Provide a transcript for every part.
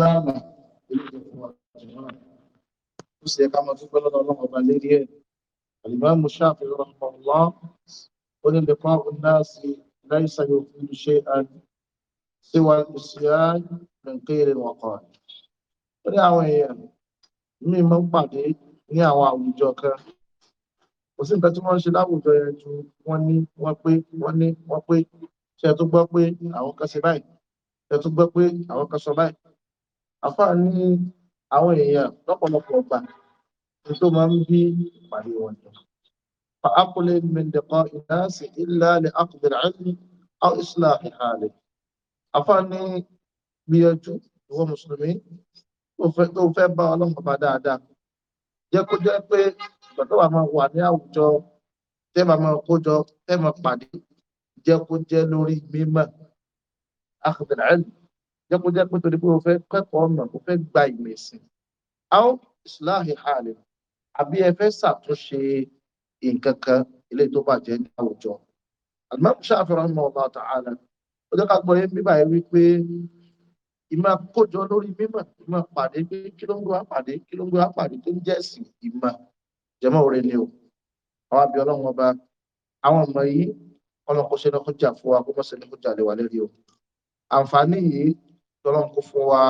lánàá ilé ìjọba àjùmọ́ ó sì yẹ ká máa dúpẹ́ lọ́dọ̀ ọlọ́run ọba lérí ẹ̀ àlùmọ́ọ́mù ṣáàfihàn ọmọ ọlọ́ ó ní lè fún àwọn náàsì láìsàn yóò fi ṣe àná síwá ìṣìyàn nìkéèrè wọn kọ́ ẹ̀. ó ní àwọn èèyàn mí mọ́ pàdé ní àwọn àwùjọ kan kò sí nǹkan tí wọ́n ń ṣe láwùjọ yẹn ju wọ́n ní wọ́n pé wọ́n ní wọ́n pé ṣe tó gbọ́ pé àwọn kan ṣe báyìí ṣe tó gbọ́ pé àwọn kan sọ báyìí àfà ní àwọn èèyàn lọ́pọ̀lọpọ̀ ọgbà tó máa ń bí ìpàdé wọn jọ فأقل من لقاء الناس إلا لأخذ العلم أو إصلاح حاله àfà ní gbìyànjú ìwọ mùsùlùmí tó fẹ́ bá ọlọ́run bàbá dáadáa jẹ́ kó jẹ́ pé ìgbà tó wà máa wà ní àwùjọ tẹ́ máa máa kójọ tẹ́ máa pàdé jẹ́ kó jẹ́ lórí mímọ̀ أخذ العلم jẹ́kójẹ́ pé torí pé o fẹ́ kẹ́kọ̀ọ́ ọ̀nà o fẹ́ gba ìmọ̀ ẹ̀sìn àwọn ìsìláàhì hàlẹ̀ àbí ẹ fẹ́ ṣàtúnṣe nǹkan kan ilé tó bàjẹ́ ní àwùjọ àdìmọ́kù ṣàfihàn mọ́ ọba ta'ala ó jẹ́ ká gbọ́ yé bíbá yẹn wípé ìmọ̀ kójọ lórí mímọ̀ ìmọ̀ pàdé pé kí ló ń gbọ́ àpàdé kí ló ń gbọ́ àpàdé tó ń jẹ́ ẹ̀sìn ìmọ̀ jẹ́mọ́ òre ni o àwọn àbí ọlọ́run ọba àwọn ọmọ yìí ọlọ́kọ̀ọ́sẹ́ lọ́kọ̀ọ́jà fún wa kó mọ́sẹ̀ lọ́kọ̀ọ́jà lè wà lẹ́rìí o àǹfààní yìí tọ́lọ́n kó fún wa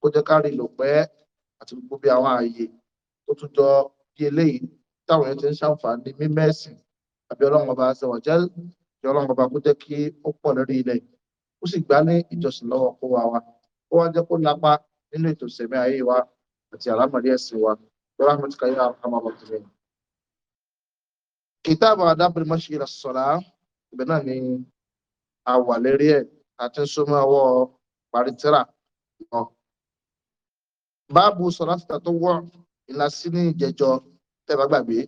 kó jẹ́ kárí lò pẹ́ àti gbogbo bí àwọn ààyè tó tún jọ bí eléyìí táwọn èèyàn ti ń ṣàǹfààní mímẹ́sìn àbí ọlọ́run ọba ṣe wọ̀jẹ́ kí ọlọ́run ọba kó jẹ́ kí ó pọ̀ lórí ilẹ̀ ó sì gbá ní ìjọsìn lọ́wọ́ kó wa wa ó wá jẹ́ kó lápá nínú ètò ìsẹ̀mí ayé wa àti àlámọ̀lé ẹ̀sìn wa lọ́wọ́ àmì tìkà yóò àwọn ọmọ ọmọdé kìtàbù adábìrì mọ́ṣílẹ̀ sọ̀rọ̀ ibẹ̀ náà ni àwà ẹ̀ àti ń ọwọ́ parí tíra lọ. báàbù sọ̀rọ̀ àti tó wọ̀ ìlà sí ní ìjẹjọ tẹ́bà gbàgbé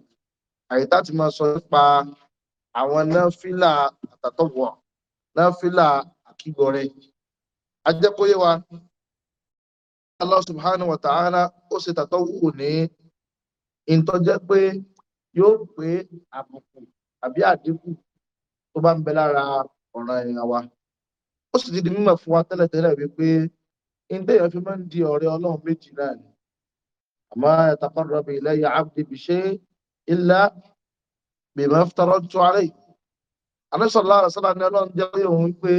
àyíká ti máa sọ nípa àwọn náfìlà àtàtọ̀wọ̀ náfìlà àkígbọ̀rẹ́ ajẹ́kóyé wa Allah subhanahu wa ta'ala ó ṣe tàtọ́wò ní ìtọ́jẹ́ pé yóò pé àbùkù àbí àdínkù tó bá ń bẹ lára ọ̀ràn ìrìn wa ó sì ti di mímọ̀ fún wa tẹ́lẹ̀tẹ́lẹ̀ wípé ndé yẹn fi máa ń di ọ̀rẹ́ Ọlọ́run méjì náà ni àmọ́ yataqarrabu ilayya abdi bishay'in illa bima aftaratu alayhi àlẹ́sọ̀lá àrẹ́sọ̀lá ni Ọlọ́run jẹ́ pé òun pé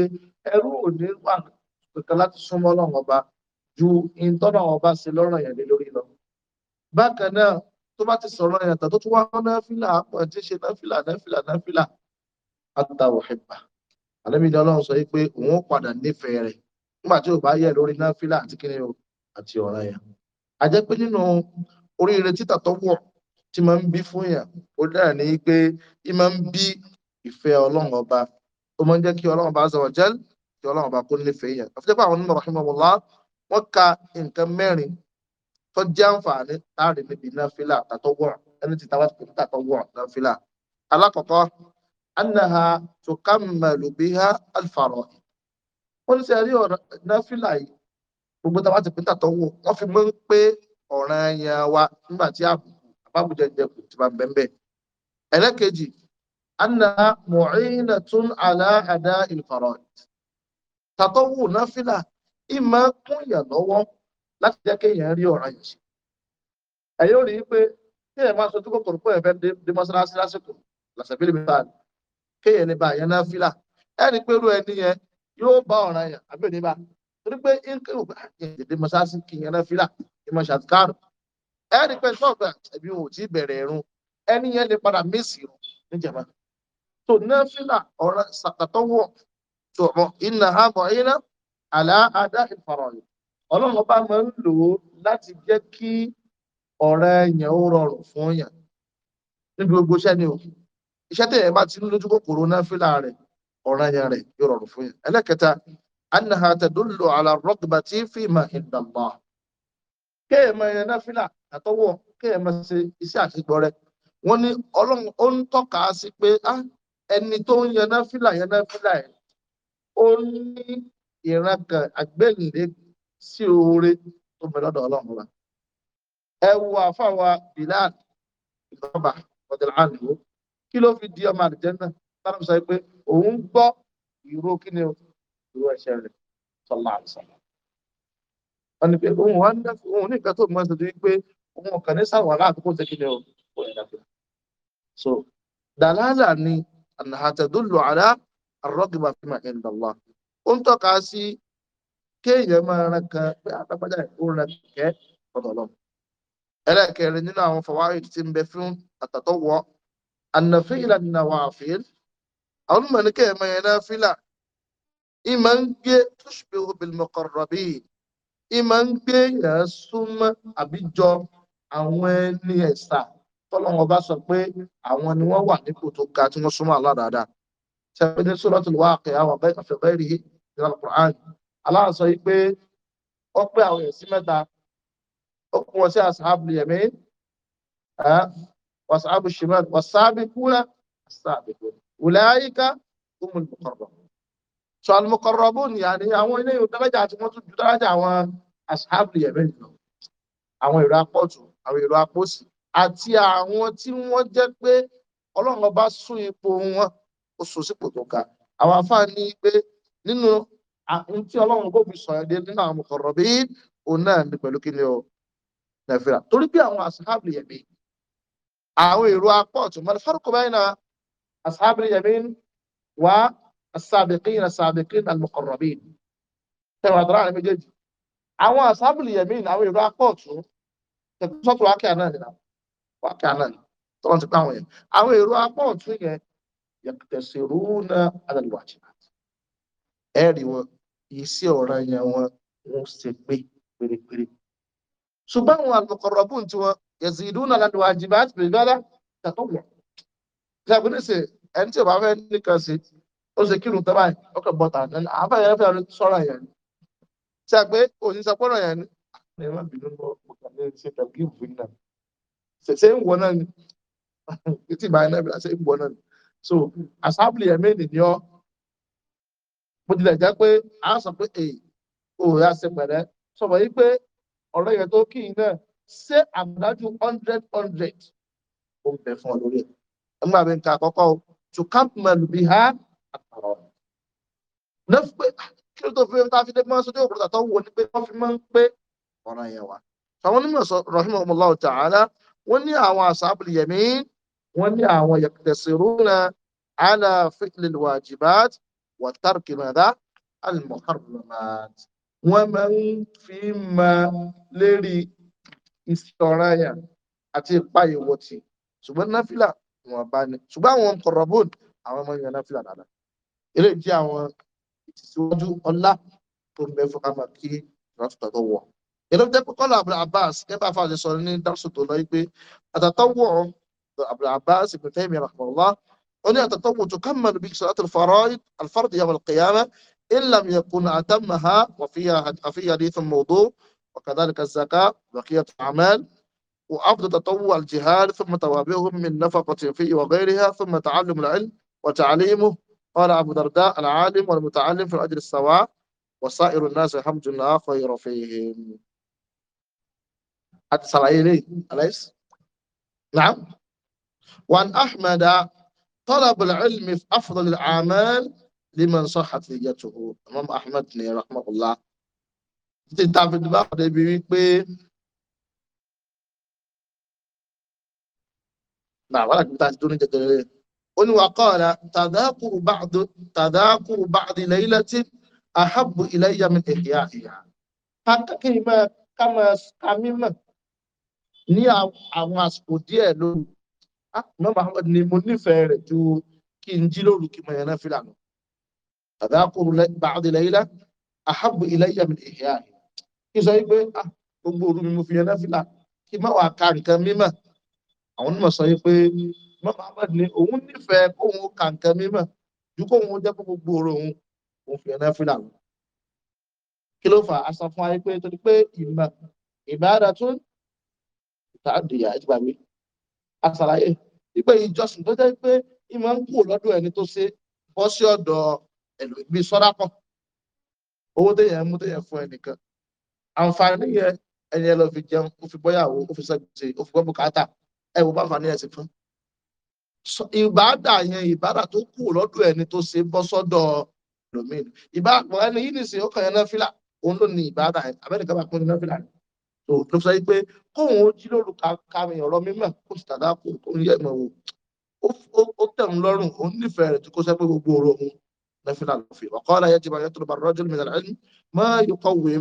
ẹrú ò ní wà kankan láti súnmọ́ Ọlọ́run ọba ju ìtọ́nà ọba sí lọ́rùn yẹn lé lórí lọ bákan náà tó bá ti sọ̀rọ̀ yẹn tó tún wá náfìlà àpọ̀ ẹ̀ tí ń ṣe náfìlà náfìlà náfìlà àtàwọ̀ ẹ̀gbà àlẹ́bìdá ọlọ́run sọ pé òun ó padà nífẹ̀ẹ́ rẹ̀ nígbà tí ò bá yẹ lórí náfìlà àti kíni o àti ọ̀ràn yẹn a jẹ́ pé nínú oríire títà tó wọ̀ tí máa ń bí fún yàn ó dára ní pé í máa ń bí ìfẹ́ ọlọ́run ọba ó máa ń jẹ́ kí ọlọ́run ọba azza wa jal kí ọlọ́run ọba kó nífẹ̀ẹ́ yàn àfi jẹ́pẹ́ àwọn onímọ̀ rahimahullah wọ́n ka nǹkan mẹ́rin tó jẹ́ àǹfààní láàrin níbi náfìlà tàtọ́wọ̀ ẹni tí tàwọn tàtọ́wọ̀ náfìlà alákọ̀ọ́kọ́ أنها تكمل بها al-fara'id wọ́n ní sẹ́rí ọ̀rọ̀ náfìlà yìí gbogbo táwa ti pín tàtọ́ wò wọ́n fi mọ́ ń pé ọ̀ràn ẹ̀yàn wa nígbà tí àbùkù àbábùjẹ jẹ kù ti máa bẹ̀m̀bẹ̀. ẹlẹ́kejì annaha mu'inatun ala ada'il fara'id tàtọ́ wò náfìlà ìmọ̀ kún yàn lọ́wọ́ láti jẹ́ kéèyàn rí ọ̀ràn yìí ṣe. ẹ̀yọ́ rí i pé kéèyàn máa sọ tí kòkòrò pé ẹ̀fẹ́ dé mọ́sálásí lásìkò làṣẹ̀bílì mi báyìí kéèyàn ní ba àyàn náà fílà ẹni pé irú ẹni yẹn yóò bá ọ̀ràn yẹn àbí òní bá torí pé nǹkan ò bá yẹn dèdè mọ́sáàsì kì yẹn náà fílà ìmọ̀ ṣàtìkárù ẹni pé sọ́ọ̀gbà ẹ̀bí wọn ò tí bẹ̀rẹ̀ ẹ̀rùn ẹni yẹn lè padà mísì rùn níjàmbá tó náà fílà ọ̀ràn sàkàtọ̀wọ̀ tòmọ̀ iná àmọ̀ iná àlá adá ìfọ̀rọ̀yìn ọlọ́run bá máa ń lò ó láti jẹ́ kí ọ̀rẹ́ yẹn ó rọrùn fún yẹn níbi gbogbo iṣẹ́ ni iṣẹ́ tẹ̀yẹ̀ bá ti ń lójú kòkòrò náfìlà rẹ̀ ọ̀ranyàn rẹ̀ yóò rọrùn fún yẹn ẹlẹ́kẹta annaha tadullu ala rọ́gbàtí fíìmà ìdàgbà kéèmọ ẹ̀yẹ náfìlà àtọwọ́ kéèmọ ṣe iṣẹ́ àṣegbọ́ rẹ̀ wọ́n ní ọlọ́run ó ń tọ́ka sí pé ah, ẹni tó ń yẹ náfìlà yẹ náfìlà ẹ̀ ó ní ìran kan àgbẹ̀ǹde sí oore tó bẹ lọ́dọ̀ ọlọ́run wa ẹ wo àfáwa bilal ìjọba ọ̀dẹ̀lá àdìgbò kí ló fi di ọmọ àlùjẹ́nà bára sọ pé òun gbọ́ ìró kí ni ìró ẹ̀ṣẹ̀ rẹ̀ sọlá àlùsọ̀lá. wọ́n ní pé òun wá ní òun ní nǹkan tó mọ̀ ṣe wí pé òun ọ̀kàn ní sàwọn aláàkókò ṣe kí ni o kò ní so dàlálà ni àtẹ̀dúlù àlá àrọ́gìmọ̀ fi máa ń dàgbà. ó ń tọ́ka sí kéèyàn máa ran kan pé àtàgbàjà ìkóràn kẹ́ ọ̀dọ̀ lọ. ẹlẹ́kẹ̀rin nínú àwọn fọwárì ànàfíìlà nàwà àfíìl àwọn ọmọ ní kẹ́ẹ̀mọ yẹn náà fílà ìmọ̀ ń gbé túṣùpé obìnrin mọ̀kọ̀rọ̀bí ìmọ̀ ń gbé yẹn súnmọ́ àbíjọ àwọn ẹni ẹ̀sà tọ́lọ́wọ́n bá sọ pé àwọn ni wọ́n wà nípò tó ga tí wọ́n súnmọ́ Allah dáadáa ṣẹ́fẹ́ ní Suratul Waqi'ah wa ghayrihi min al-Qur'an Allah sọ pé ó pé àwọn ẹ̀sìn mẹ́ta ó kún wọn sí ashabul yamin واصحاب الشمال والسابقون السابقون اولئك هم المقربون so المقربون muqarrabun yàní àwọn ilé ìwò dárájà àti wọ́n tún ju dárájà àwọn ashabu yemen lọ àwọn èrò apọ̀tù àwọn èrò apọ̀sì àti àwọn tí wọ́n jẹ́ pé ọlọ́run ọba sún ipò wọn ó sùn sípò tó ga àwọn afáà ní pé nínú tí ọlọ́run kò fi sọ̀rọ̀ dé nínú àwọn muqarrabin òun náà ní pẹ̀lú o nàìjíríà torí pé àwọn ashabu yemen àwọn èrò apá ọ̀tún mọ́lẹ̀ farko bayna ashabil yamin wa as-sabiqin as-sabiqin al-muqarrabin tẹwàá dọ́rọ̀ àwọn méjèèjì àwọn ashabil yamin àwọn èrò apá ọ̀tún tẹ̀kọ́sọ́tò wákìá náà nìyà wákìá náà tọ́lọ́ ti pa àwọn yẹn àwọn èrò apá ọ̀tún yẹn yẹtẹ̀sẹ̀rúnà alàlùwàjìbàt ẹ rí wọn iṣẹ́ ọ̀ranyàn wọn wọn ṣe pé pérépéré ṣùgbọ́n àwọn al-muqarrabun tiwọn yaziduna lal wajibat bi bada tatawwu ṣàbùnú sí ẹni tí o bá fẹ́ ba, sí ó ṣe kírun tó báyìí ó kàn bọ́ta nínú àbá yẹn fẹ́ sọ́rọ̀ yẹn ni ṣe àgbẹ̀ òyìnbó ni. ẹ má bínú lọ mo kàn ní ṣe tàbí ìwé náà ṣe ṣe ń wọ náà ni títí ìbáyé náà bìlà ṣe ń wọ náà ni so assembly ẹ̀mí ènìyàn bó tilẹ̀ jẹ́ pé a sọ pé èyí ò yà ṣe pẹ̀lẹ́ sọ wọ́n yí pé ọ̀rọ̀ yẹn tó kí i náà ṣé àmúdájú hundred hundred ó ń bẹ fún ọ lórí ẹ̀ ẹgbẹ́ àbí nǹkan àkọ́kọ́ o to camp mẹ́lù bí ha àpàrọ̀ ọ̀nà. lẹ́fù pé ah, kí ló tó fi ta fi dé máa sojú òkúta tó wò ní pé wọ́n fi máa ń pé ọ̀ràn yẹn wá. àwọn onímọ̀ sọ rahimahumullahu ta'ala wọ́n ní àwọn ashabul yamin wọ́n ní àwọn yaqtasiruna ala fi'lil wajibat wa tarki madha al muharramat wọ́n máa ń fi máa lérí iṣẹ́ ọ̀ranyàn àti ipa ìwọ̀ tì ṣùgbọ́n náfìlà wọn bá ní ṣùgbọ́n àwọn kọ̀rọ̀bọ̀n àwọn ọmọ yẹn náfìlà dáadáa eré jẹ́ àwọn ìtìsíwájú ọlá tó ń bẹ fún kama kí ìrántútà tó wọ̀ èrò jẹ́ pé kọ́lá Abdul Abbas kẹ́bà fàájì sọ ní dárúsù tó lọ pé àtàtọ́wọ̀ Abdul Abbas ibn Taymiyyah rahimahullah ó ní àtàtọ́wọ̀ tukammalu bihi salatul fara'id yawm وكذلك الزكاة بقية الأعمال وأفضل تطوع الجهاد ثم توابعهم من نفقة فيه وغيرها ثم تعلم العلم وتعليمه قال أبو درداء العالم والمتعلم في الأجر السواء وسائر الناس الحمد لله خير فيهم حتى أليس؟ نعم وأن أحمد طلب العلم في أفضل الأعمال لمن صحت نيته أمام أحمد رحمه الله títí tá a fi dùbà pọ̀ débi wípé náà wàhálà kí n ta ti dúró ní jẹjẹrẹ ó ní wàkọ́ọ̀lá tàdákùrù báàdì lẹ́yìnlẹ́ tí àhábù ilẹ̀ ìyá mi èyí àyà kí n máa ká máa ka mímọ̀ ní àwọn àsìkò díẹ̀ lóru mọ́ ni mo nífẹ̀ẹ́ rẹ̀ ju kí n jí lóru kí mo yẹn náà fi lànà tàdákùrù báàdì lẹ́yìnlẹ́ àhábù ilẹ̀ ìyá mi èyí àyà kí sọ ah, gbogbo òru mi mo fi yan náfìlà kí má wàá ka nǹkan mímọ́ àwọn onímọ̀ sọ wípé mọ́mọ́ ahmed ní òun nífẹ̀ẹ́ kóun ka nǹkan mímọ́ ju kóun jẹ́ kó gbogbo òru òun òun fi yan náfìlà lọ kí ló fà á sọ fún ayé pé torí pé ìmọ̀ ìbáradà tó ìtàdìyà ìgbà mi àṣàlàyé wípé ìjọsìn tó jẹ́ pé ìmọ̀ ń kú lọ́dọ̀ ẹni tó ṣe bọ́ sí ọ̀dọ̀ ẹ̀lòmí sọ́dápọ̀ owó téèyàn mú téèyàn fún ẹnìkan àǹfààní yẹ ẹni ẹ lọ fi jẹun ó fi bọ́yàwó ó fi sẹ́gbèsè ó fi gbọ́ bùkátà ẹ wò bá àǹfààní ẹ sì fún. ìbádà yẹn ìbádà tó kù lọ́dọ̀ ẹni tó ṣe bọ́ sọ́dọ̀ lómìn ìbádà ẹni yìí nìsín ó kàn yẹn náà fìlà òun ló ní ìbádà yẹn abẹ́nìkan bá pín ní náà fìlà yẹn tó ló sọ pé kóun ó jí lóru kàmi ọ̀rọ̀ mímọ̀ kó sì tàdá kó kó yẹ ìmọ̀ wò ó tẹ̀hún lọ́rùn òun nífẹ̀ẹ́ rẹ̀ tí kò sẹ́ pé gbogbo òru òun náà fìlà lọ́fẹ̀ẹ́ wàkọ́ọ́lá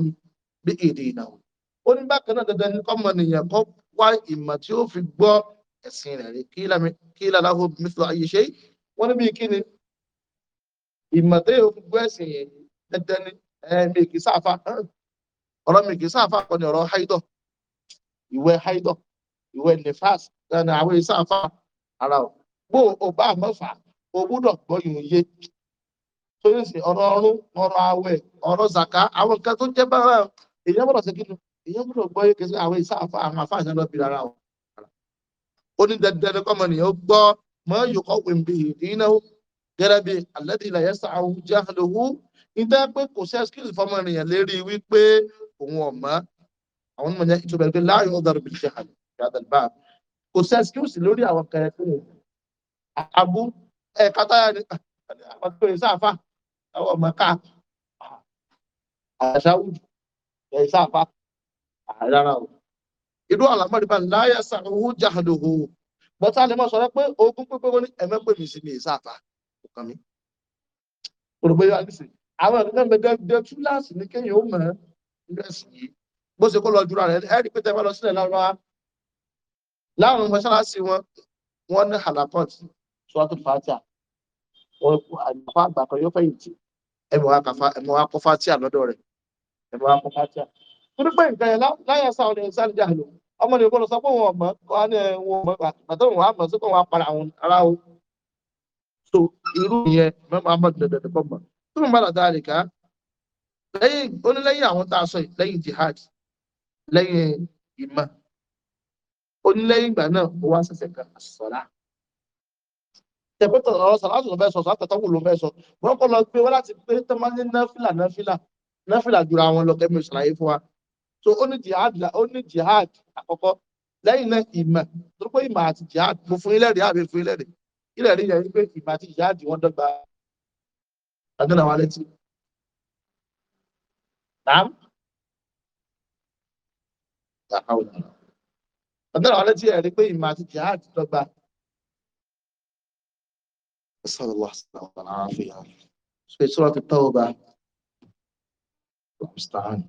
yẹ bí èdè ìnáwó ó ní bákan náà dandan ní kọ́mọnìyàn kọ́ wá ìmọ̀ tí ó fi gbọ́ ẹ̀sìn rẹ̀ rí kí láláhó mithlu ayé ṣe wọ́n ní bí kí ni ìmọ̀ tí ó fi gbọ́ ẹ̀sìn yẹn dandan ní ẹ̀mí kì í sáfà ọ̀rọ̀ mi kì í sáfà kọ́ ni ọ̀rọ̀ haidọ̀ ìwẹ̀ haidọ̀ ìwẹ̀ nefas ẹni àwọn ìsáfà ara ò bó o bá mọ́fà o gbúdọ̀ gbọ́ ìròyìn torí ọ̀rọ̀ ọrún ọ̀rọ̀ àwẹ̀ ọ̀rọ̀ zaka àwọn nǹkan tó jẹ́ báwọn èyàn gbọ́dọ̀ ṣe kíni èyàn gbọ́dọ̀ gbọ́ yé kẹsí àwọn ìsá àfa àwọn àfa àṣà lọ́bì rárá o. ó ní dandan kọ́mọ nìyẹn ó gbọ́ mọ́ yòókọ́ wẹ̀m̀bì ìdíná gẹ́gẹ́ bí alẹ́dí ilẹ̀ yẹn sàáhù jáhùn nígbà pé kò sí ẹsikílì fọmọ ènìyàn lérí wípé òun ọ̀mọ́ àwọn ọmọ yẹn ìtura ẹgbẹ́ láàyò ọ̀dọ́rọ̀ bìí jẹ́ àdàlùbá kò sí ẹsikílì lórí àwọn kẹrẹkẹ abú àṣà wùdù ẹ̀ sáfà ah, rárá o irú àlámọ́rí bá láyà sàrúhú jáhàdùhù bọ́tà lè mọ́ sọ pé ogún pípẹ́ wọn ní ẹ̀mẹ́ pè mí sí ní ìsáfà ọkàn mi olùgbé yóò àdìsí àwọn ẹ̀kọ́ mẹ́gẹ́ dé túláàsì ní kéèyàn ó mọ̀ ẹ́ nílẹ̀ sí yìí bó ṣe kó lọ jura rẹ̀ ẹ́ rí pé tẹ́ bá lọ sílẹ̀ lárúbáwá láwọn mọ́ṣáláṣí wọn wọ́n ní halakọ́t sọ́tò fàtíà wọn àgbà kan yóò fẹ̀yìntì ẹ̀mọ̀ wa kọ́ fàtíà lọ́dọ̀ rẹ̀ ẹ̀rọ akọ́fàtíà torí pé nǹkan yẹn láyà sáwọn ẹ̀ sáré àlò ọmọ ní ìgbọ́dọ̀ sọ pé wọn mọ̀ wọn ní wọn mọ̀ àtọ́ wọn á mọ̀ sí pé wọn á para àwọn ará o so irú yẹn mẹ́mọ́ amọ̀ dẹ̀dẹ̀ kọ́ mọ̀ tó ń bá dàda rè ká lẹ́yìn ó ní lẹ́yìn àwọn tá a sọ yìí lẹ́yìn jihad lẹ́yìn ìmọ̀ ó ní lẹ́yìn ìgbà náà ó wá ṣẹ̀ṣẹ̀ kan sọ̀rá tẹ̀pẹ́tọ̀ ọ̀rọ̀ sọ̀rọ̀ láti lọ fẹ́ sọ sọ̀rọ̀ àtẹ̀tọ́wò ló fẹ́ sọ wọ́n kọ́ lọ gbé wọn láti pé tọ́mọ́lé náfìlà náfìlà náfìlà jura wọn lọ kẹ́mi ìṣàlàyé fún wa so ó ní jihad ó ní jihad àkọ́kọ́ lẹ́yìn náà ìmọ̀ tó pé ìmọ̀ àti jihad mo fún ilẹ̀ rí àbí fún ilẹ̀ rí ilẹ̀ rí yẹn pé ìmọ̀ àti jihad wọ́n dọ́gba àdúrà wa létí. Naam. Àdúrà wa létí ẹ̀rí pé ìmọ̀ àti jihad dọ́gba. Sallallahu alaihi wa sallam. Sura at-Tawbah. المستعان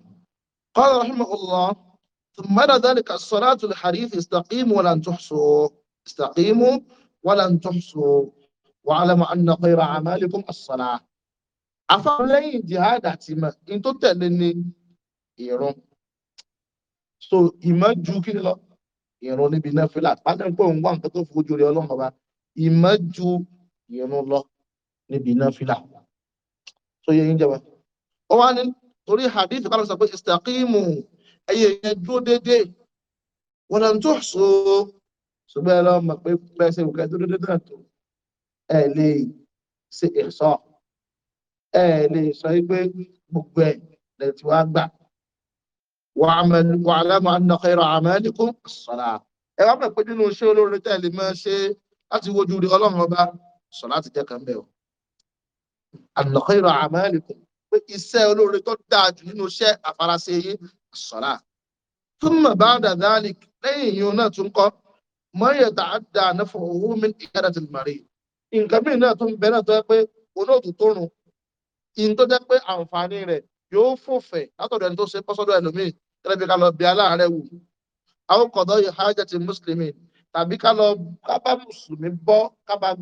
قال رحمه الله ثم بعد ذلك الصلاة الحديث استقيموا ولن تحصوا استقيموا ولن تحصوا واعلموا أن خير أعمالكم الصلاة àfáà lẹ́yìn jihad àti ìmọ̀ in tó tẹ̀lé ní ìrun so ìmọ̀ ju kí lọ ìrun níbi náfìlà pátẹ́ńpọ̀ ń wá nǹkan tó fojú rẹ ọlọ́run ọba ìmọ̀ ju ìrun lọ níbi náfìlà so yẹ yín jẹba ó wá ní torí hadith bá sọ pé istaqimu ẹyẹ yẹn dúró dédé wọn tó so ṣùgbọ́n ẹ lọ mọ̀ pé bẹ́ẹ̀ ṣe nǹkan dúró dédé náà tó ẹ lè ṣe ẹ̀sọ́ ẹ lè sọ pé gbogbo ẹ̀ lè ti wá gbà wa alamu anna khayra amalikum as-salah ẹ wá mọ̀ pé nínú iṣẹ́ olórin tẹ́ lè máa ṣe láti wojú rí ọlọ́run ọba sọ̀lá ti jẹ́ kan bẹ́ẹ̀ o anna khayra amalikum pé iṣẹ́ olóore tó dáa jù nínú iṣẹ́ àfarasẹ yìí sọ̀rà túmọ̀ bá dàdálì lẹ́yìn yìí náà tún kọ́ mọ́yẹ̀ tá a dà náfọ̀ owó mi ìyára ti mọ̀rẹ́ nǹkan mìíràn náà tún bẹ náà tó yẹ pé olóòtú tó rùn ìyìn tó jẹ́ pé àǹfààní rẹ̀ yóò fòfẹ̀ látọ̀dọ̀ ẹni tó ṣe pọ́sọ́dọ̀ ẹlòmíì tẹ́lẹ̀ bí ká lọ bí aláàárẹ̀ wù àwọn kọ̀dọ̀ yìí hájà ti mùsùlùmí tàbí ká lọ ká bá mùsùlùmí bọ́ ká gbọ́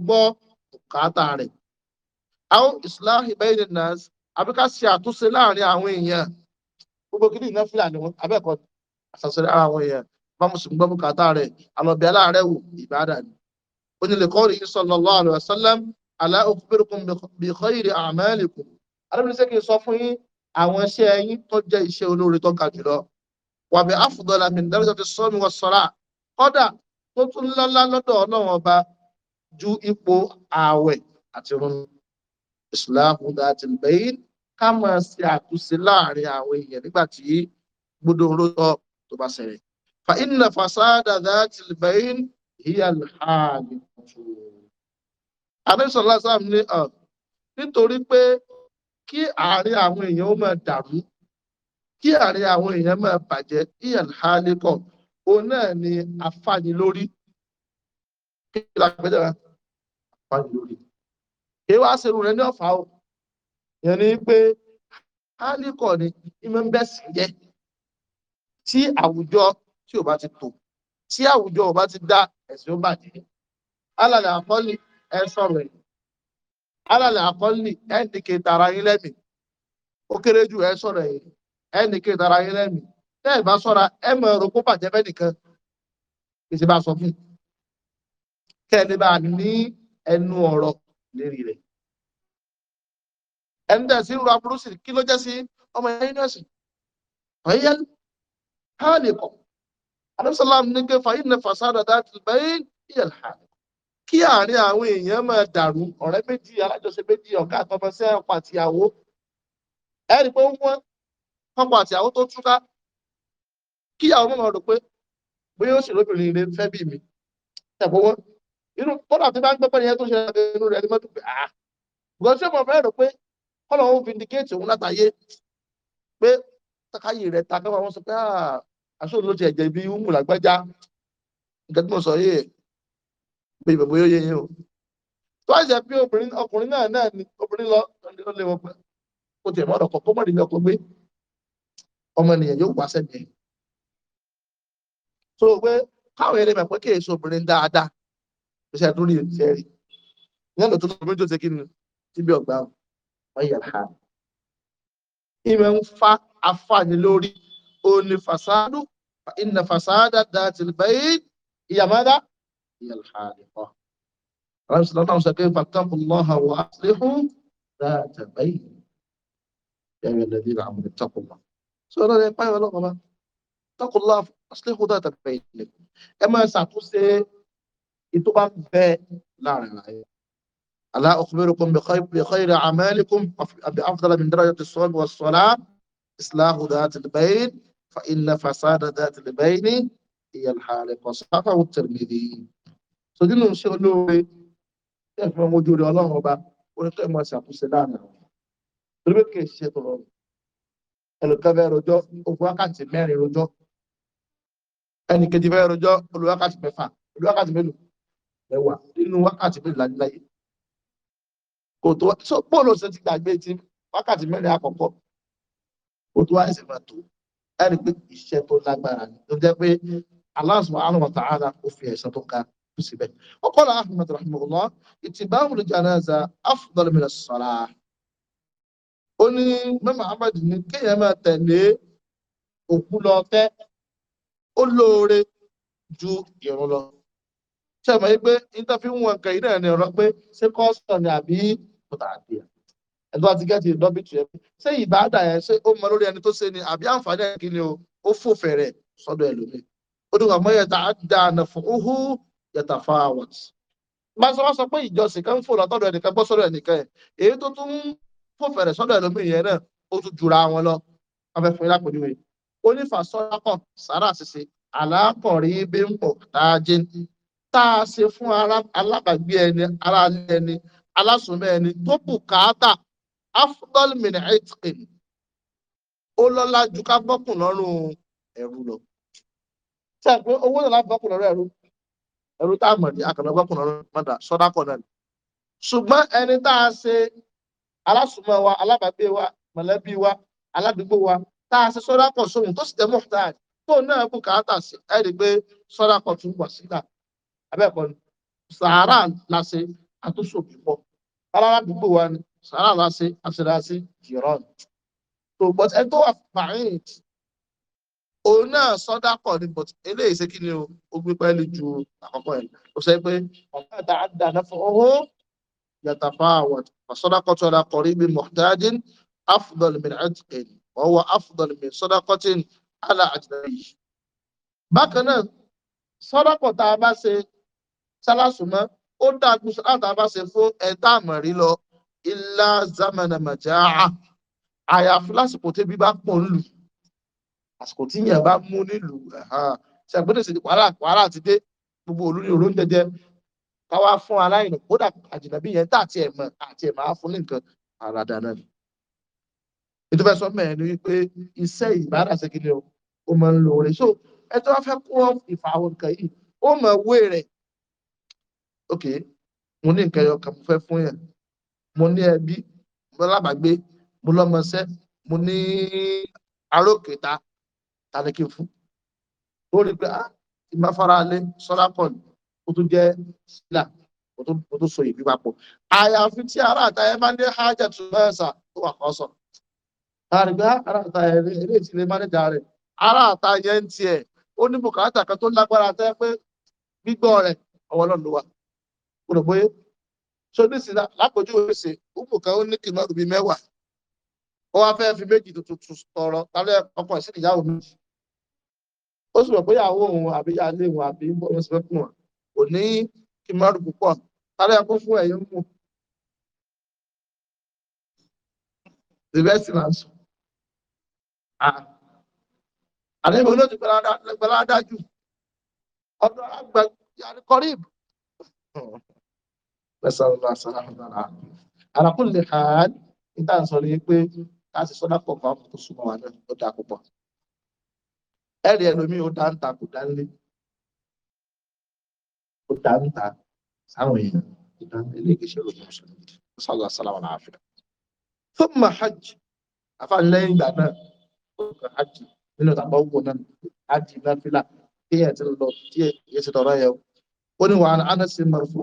bùkátà rẹ̀ àwọn ìsìláhì bẹ́ẹ̀ ní àbí ká ṣe àtúnṣe láàrin àwọn èèyàn gbogbo kí ní ìnáfíà ni wọn abẹ́ẹ̀kọ́ àṣàṣe ara àwọn èèyàn bá mùsùlùmí gbọ́ bùkátà rẹ̀ àlọ́bí aláàárẹ̀ wò ìbáàdà ni. onílẹ̀kọ́rì yìí sallallahu alaihi wasallam ala ukhbirukum bi khayri a'malikum arábìnrin sẹ́kì sọ fún yín àwọn iṣẹ́ yín tó jẹ́ iṣẹ́ olóore tó ga jùlọ wà bí afdala min darajati ju ipò ààwẹ̀ àti run islahu dhati al-bayn ká máa ṣe àtúnṣe láàrin àwọn èèyàn nígbà tí gbódòrò sọ tó bá ṣẹlẹ̀. fa inna fasada dhati al-bayn hiya al-hali àdéṣọ lásán ní ọ nítorí pé kí àárín àwọn èèyàn ó máa dàrú kí àárín àwọn èèyàn máa bàjẹ́ hiya al-hali òun náà ni afánilórí kí ló afánilórí èèwà ṣerú rẹ ní ọ̀fà o ìyẹn ni pé álíkọ̀ ni ìmọ̀ ń bẹ̀sì jẹ́ tí àwùjọ tí ò bá ti tò tí àwùjọ ò bá ti dá ẹ̀sìn ó bàjẹ́ alàlẹ́ àkọ́lì ẹ sọ̀rọ̀ ẹ̀ alàlẹ́ àkọ́lì ẹ̀ ń dìkẹ̀ tara yín lẹ́mìí ó kéré jù ẹ sọ̀rọ̀ ẹ̀ ẹ̀ ń dìkẹ̀ tara yín lẹ́mìí tẹ́ ẹ̀ bá sọ́ra ẹ mọ̀ ẹ̀rọ kó bàjẹ́ bẹ́ẹ̀ nìkan èsì bá sọ fún kẹ́ ẹ lè bá ní ẹnu ọ̀rọ̀ lérí rẹ̀ ẹni tẹ̀ sí ń ro aburú sí kí ló jẹ́ sí ọmọ ẹ̀yìn ní ẹ̀sìn ọ̀yẹ́ hàlì kọ̀ adébísọ́lám ní ké fàyín ní fasádà dáàtì bẹ́yìn ìyẹn hàlì kí àárín àwọn èèyàn máa dàrú ọ̀rẹ́ méjì alájọṣe méjì ọ̀gá àtọmọṣẹ́ ọkọ àtìyàwó ẹ̀rí pé wọ́n ọkọ àtìyàwó tó túká kíyàwó mọ̀ rò pé bóyá ó sì lóbìnrin rẹ fẹ́ bí mi ẹ̀bùn wọn irú kọ́dà ah gbọ́dọ̀ ṣé mo fẹ́ Ọlọ́run vindicate òun látàyé pé takáyì rẹ̀ ta kẹwàá wọ́n sọ pé ah, àṣòro ló ti ẹ̀jẹ̀ ibi umu làgbájá nǹkan tí mo sọ yìí pé ìbẹ̀bọ̀ yóò yẹ yín o tó àṣẹ pé obìnrin ọkùnrin náà náà ni obìnrin lọ ló lé wọn pé kò tiẹ̀ mọ́dọ̀ kọ̀ọ̀kan mọ́dọ̀ ní ọkọ̀ gbé ọmọ ènìyàn yóò wá sẹ́mi so pé káwọn eré mẹ́pẹ́ kí èso obìnrin dáadáa iṣẹ́ tó rí ìṣẹ́ rí ìyẹn lọ́tún lọ́tún méjì ó ṣe kí ni síbi ọ̀gbà wọn wọ́n yẹ̀ ha. ìmọ̀ ń fa afáàní lórí òní fasádù ìnà fasádà dàtí bẹ́ẹ̀ ìyàmádà yẹ̀ ha nìkan. alábi sọ̀rọ̀ náà sọ pé fàtàkù lọ́hà wà á sí fún dàtí bẹ́ẹ̀ yẹ̀rẹ̀ lẹ́dí nà àmì tàkù lọ. sọ̀rọ̀ rẹ̀ páyọ̀ ọlọ́kọ̀ bá tàkù lọ́ asílẹ̀kù dàtí bẹ́ẹ̀ ẹ máa ṣàtúnṣe ìtọ́ bá ń bẹ ألا أخبركم بخير, بخير عمالكم بأفضل من درجة الصوم والصلاة إصلاح ذات البين فإن فساد ذات البين هي الحالق وصفه الترمذي سجل الشيخ النووي كيف ما موجود الله هو باب ونقع ما سيقول سلامة ربك الشيخ طيب، الرومي الكبير رجوع وفاقات مالي رجوع أني كدفاء رجوع الوقت بفاق الوقت منه لو إنه وقت من لا kò tó so bóòlù ṣe ti gbàgbé ti wákàtí mẹ́rin àkọ́kọ́ kò tó wáyé ṣèwà tó ẹni pé iṣẹ́ tó lágbára ni tó jẹ́ pé Allah subhanahu wa ta'ala ó fi ẹ̀san tó ga kú síbẹ̀ ó kọ́ la Ahmad rahimahullah ittiba'ul janaza afdal min as-salah ó ní mẹ́mọ̀ Ahmad ní kéèyàn máa tẹ̀lé òkú lọ tẹ́ ó lóore ju ìrun lọ ṣe mọ̀ pé níta fi ń wọn kàn yìí náà ni ọ̀rọ̀ pé ṣé kọ́sọ̀ ni àbí mutaadia ẹni tó bá ti gẹ́tì dọ́bìtì ẹ ṣé ìbáàdà say ṣé ó mọ lórí ẹni tó ṣe ni àbí àǹfààní ẹ kí ni o ó fòfè rẹ sọ́dọ̀ ẹlòmíì ó dùn àmọ́ yẹta àdá nàfọ óhù yẹta fáwọt bá sọ wá sọ pé ìjọsìn kan ń fò lọtọdọ ẹnìkan bọ sọ́dọ̀ ẹnìkan ẹ èyí tó tún fòfè rẹ sọ́dọ̀ ẹlòmíì yẹn náà ó tún jura wọn lọ afẹ́fún yín lápẹ̀júwe ó ní fàṣọ́lákọ̀ sára àṣìṣe aláàkọ̀rí bí ń pọ̀ tá a jẹ tá a ṣe fún alábàgbé ẹni aráalé ẹni alásùnbẹ́ ẹni tó bùkátà afdal min itqin ó lọ́lá ju ká bọ́kùn lọ́rùn ẹ̀rú lọ ṣe pé owó náà láti bọ́kùn lọ́rùn ẹ̀rú ẹ̀rú tá a mọ̀ ní akànnà bọ́kùn lọ́rùn mọ́dà sọ́dá kọ̀ náà ṣùgbọ́n ẹni tá a ṣe alásùnmọ́ wa alábàgbé wa mọ̀lẹ́bí wa aládùúgbò wa tá a ṣe sọ́dá kọ̀ sóhun tó sì tẹ́ mọ̀tàd tó náà bùkátà sí ẹ̀rí pé sọ́dá kọ̀ tún wà sílà alára gbogbo wa ni sàrà lásì àṣìláṣì jìrọ̀n so but ẹni tó wà fàáyìn òun náà sọ́dá ni but eléyìí ṣe kí ni o ó gbé pẹ́ẹ́lí ju àkọ́kọ́ ẹ̀ ó sọ pé ọ̀gá àdá àdá náà fún ọ̀hún yàtàfà àwọn sọ́dákọ̀ tó ọ̀dà kọ̀rí bí mọ̀tájín afdol min atqin wa huwa afdol min sọ́dákọ̀tín ala bákan náà sọ́dákọ̀ tá a bá ṣe sálásùmọ́ ó dàgbù sọ́láta bá ṣe fún ẹ̀dá àmọ̀rí lọ ilá zamanamajà àyàfi lásìkò tẹ́bí bá pọ̀ ń lù àsìkò tí yẹn bá mú nílùú ṣe àgbẹ̀dẹ̀ sí wàhálà ti dé gbogbo olórí oró ń jẹjẹ káwá fún aláìní kódà àjìnàbí yẹn tá àti ẹ̀mọ̀ àti ẹ̀mọ̀ á fún ní nǹkan ara dáná ni. ètò ìfẹsọ mẹ́rin ni wípé iṣẹ́ ìbára ṣe kí ni o ó máa ń lo orin so ẹ tó wá fẹ́ kó ìfà nǹkan yìí ó mọ̀ wé rẹ̀ ok mo ní nǹkan ẹyọkan mo fẹ́ fún yẹn mo ní ẹbí mo lábàgbé mo lọ́mọṣẹ́ mo ní arókèta ta ni kí n fún ó rí pé ah ìmáfaralé sọ́lákọ̀n ó tún jẹ́ sílà ó tún so ìbí papọ̀ àyàfi tí ará àtàyẹ bá ní hajj tó mẹ́sà tó wà kọ́ sọ àrùgbá ah, ará àtàyẹ eré ìtìlẹ̀ mánéjà rẹ̀ ará àtàyẹ ń tiẹ̀ ó ní bùkátà kan tó lágbára tẹ́ pé gbígbọ́ rẹ̀ ọwọ́ lọ́nà ló wà rò pé so nísìn lápòjú òṣè umu kan ó ní kìnnà òbí mẹ́wàá ó wá fẹ́ẹ́ fi méjì tuntun tọrọ tálẹ́ ọkọ ẹ̀ sí ìyàwó méjì ó sì mọ̀ pé ìyàwó òun àbí ìyáálé òun àbí ń bọ́ wọn sí fẹ́ fún wọn kò ní kìnnà òbí púpọ̀ tálẹ́ ẹkún fún ẹ̀yìn mú ìrẹsì náà sùn àlẹ́bí olóòtú gbẹ̀ládájú ọ̀dọ̀ àgbà yàrá kọrí ìbò mẹ́sàn-án sàrànlára àràkùn lè hà á níta sọ ní pé ká sì sọ́dá pọ̀ fún àkókò súnmọ́ wa náà ó dáa púpọ̀ ẹ̀rì ẹlòmíì ó dá ń ta kò dá ń lé ó dá ń ta sáwọn èèyàn ó dá ń lé ilé ìgbésẹ̀ lójú mùsùlùmí sọ́dọ̀ sàlámù àáfíà fún mahaj afánilẹ́yìn ìgbà náà ó kàn hajj nínú ìtàgbà ogun náà hajj náà fílà bí ẹ̀ ti lọ díẹ̀ yẹ ti tọ̀rọ̀ yẹ ó ní wàhálà ánà sí marfu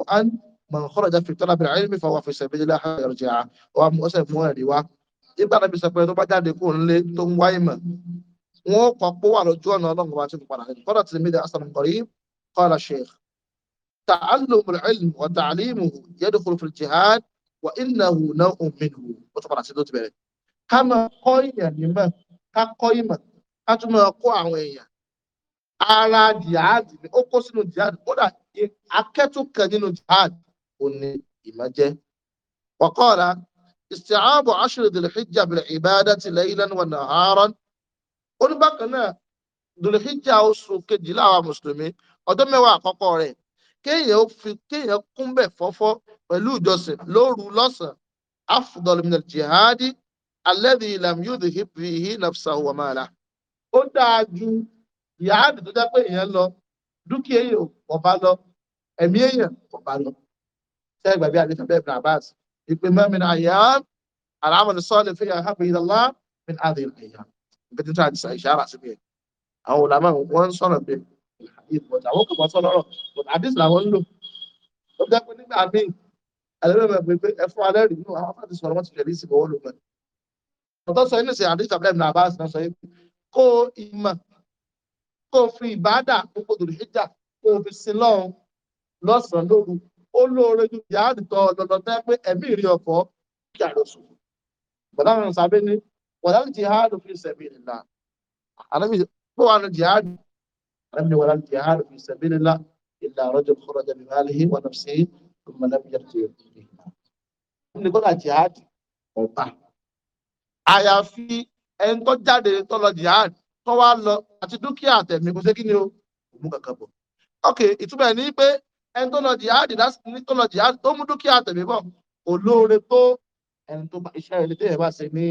من خرج في talab العلم فهو في سبيل الله sabilillah yarji'a wa mú ọsẹ mú ẹ̀rí wá nígbà náà bí sọ pé tó bá jáde kúrò nílé tó ń wáyé mọ̀ wọn kọ pé wà lójú ọ̀nà ọlọ́run wa tó fi padà rẹ̀ kọ́dà tí mi dé asan qarib qala sheikh ta'allum al wa ta'limuhu yadkhul fi al-jihad wa innahu naw'un minhu ó tó padà sí tó bẹ̀rẹ̀ ká máa kọ́ ìyàn ní mọ̀ ká kọ́ ìmọ̀ ká tún máa kó àwọn èèyàn ara jihad ni ó kó sínú jihad kódà akẹ́tù kan nínú jihad ó ní ìmájẹ́. wàkọ́ọ̀lá isti'abu ashri dhulhijja bil ibadati laylan wa naharan ó ní bákan náà dhulhijja oṣù kejìlá àwa mùsùlùmí ọjọ́ mẹ́wàá àkọ́kọ́ rẹ̀ kéèyàn fi kéèyàn kúnbẹ̀ fọ́fọ́ pẹ̀lú ìjọsìn lóru lọ́sàn-án afdal min al-jihadi lam yudhhib bihi nafsahu wa malahu ó dáa jihadi tó jẹ́ pé èèyàn lọ dúkìá èèyàn kò bá lọ ẹ̀mí èèyàn kò bá lọ sẹ́gbàgbé àdéhùn Ibn Abbas ìpè mẹ́min àyàm àlàmọ̀lù sọ́ọ̀lì fi hàn hábì ìlàlá min àdé àyàm ìpètè tó àdìsá ìṣàrà síbi ẹ̀ àwọn olàmọ̀ wọn sọ̀rọ̀ pé àwọn kò bọ́ sọ́lọ́rọ̀ àdìs làwọn ń lò ó jẹ́ pé nígbà míì ẹlẹ́mẹ̀mẹ̀ pé ẹfún alẹ́ rí nù àwọn fàdí sọ̀rọ̀ wọn ti rẹ̀ sí ìbọ̀wọ́ lò ọ̀tọ́ sọ inú sí àdìs Ibn Abbas náà sọ yìí kó ìmọ̀ kó fi ìbádà kó kó dòdò hijab kó fi sin lọ́run lọ́sàn-án lóru ó lóore ju jihad tọ lọ́dọ̀ tẹ́ pé ẹ̀mí ìrìn ọ̀fọ́ kí àròsùn bọ̀dá àwọn sábẹ́ ní wọ̀dá jihad fi sabilillah àlẹ́bí pé wà ní jihad àlẹ́bí wọ̀dá jihad fi sabilillah illa rajul kharaja bi malihi wa nafsihi thumma lam yarji ní kọ́lá jihad ọ̀tá àyàfi ẹni tó jáde tó lọ jihad tó lọ àti dúkìá àtẹ̀mí kò sí ni o òmù kankan bọ̀ ok ìtumọ̀ ẹ̀ ní pé ẹni tó lọ jihad tó lọ jihad tó mú dúkìá tẹ̀mí bọ̀ olóore tó ẹni tó iṣẹ́ ilé tẹ́yẹ̀ bá ṣe ní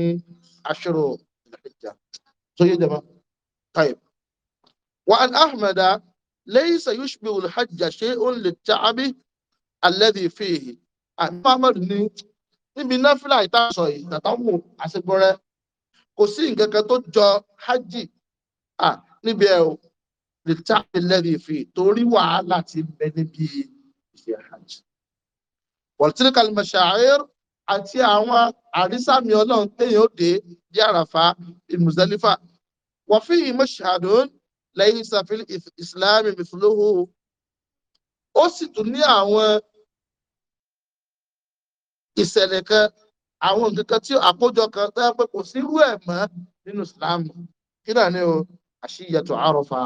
aṣọ́rò ìjà tó yé jẹba taib wa an ahmada laysa yushbihu al-hajja shay'un lit-ta'abi alladhi fihi ahmad ní níbi náfìlà ìtàsọ ìtàtàwò àṣegbọrẹ kò sí nǹkan kan tó jọ hajj níbi ẹ̀ o lè tàbí lẹ́rí fi torí wàhálà ti bẹ níbi iṣẹ́ hajj wọ̀tíríkàlì masha'ir àti àwọn àrísàmì ọlọ́run téèyàn ó dé di àràfà ìmùsẹ́lífà wọ́n fi mashhadun lẹ́yìn ìsàfihàn ìsìláàmì mìfúlóhù ó sì tún ní àwọn ìṣẹ̀lẹ̀ kan àwọn nǹkan tí àkójọ kan tó pé kò sí irú ẹ̀ mọ́ nínú ìsìláàmù kí náà ni o àṣìyàtọ̀ àròfà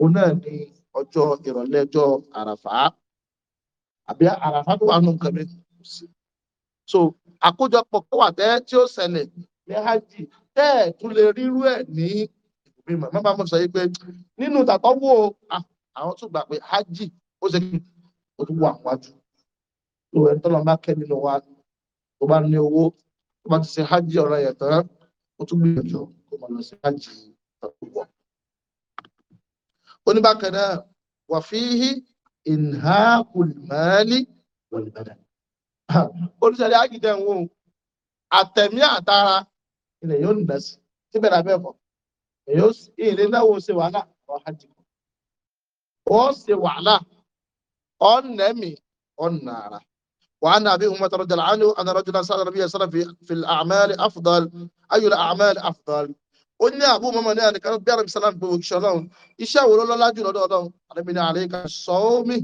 òun náà ni ọjọ́ ìrọ̀lẹ́ ọjọ́ àràfà àbí àràfà tó wà nù mi so àkójọpọ̀ tó wà tẹ́ tí ó ṣẹlẹ̀ ní hajj tẹ́ ẹ̀ tún lè rírú ẹ̀ ní ìbí mọ̀ mọ́bà mọ̀ sọ yí pé nínú tàtọ́ wo àwọn tó gbà pé hajj ó ṣe kí o tún wà wájú tó ẹ̀ tọ́lọ́ bá kẹ́ nínú wa tó bá ní owó tó bá ti ṣe hajj ọ̀rọ̀ yẹn tán ó tún gbìyànjú kó mọ̀ lọ sí hajj tó wọ̀ oníbàkan náà wà fíhí inhaakul mali wal badan olùsẹ̀lẹ̀ àgìdẹ̀ ń wò àtẹ̀mí àtara ilẹ̀ yóò nà sí síbẹ̀ lábẹ́ ẹ̀kọ́ ìrìn náà wọ́n ṣe wàhálà ọ̀ hajj wọ́n ṣe wàhálà ọ̀nẹ́mì ọ̀nàrà وعن أبي أمة رضي الله عنه أن رجلا سأل النبي صلى الله عليه وسلم في الأعمال أفضل أي الأعمال أفضل ó ní àbú mọ́mọ́ ní àdìkan bí àrùn sálàm gbogbo ìṣọ́ ọlọ́run iṣẹ́ wo ló lọ́lá jù lọ́dọ̀ ọlọ́run àdìbí ní sọ ó mì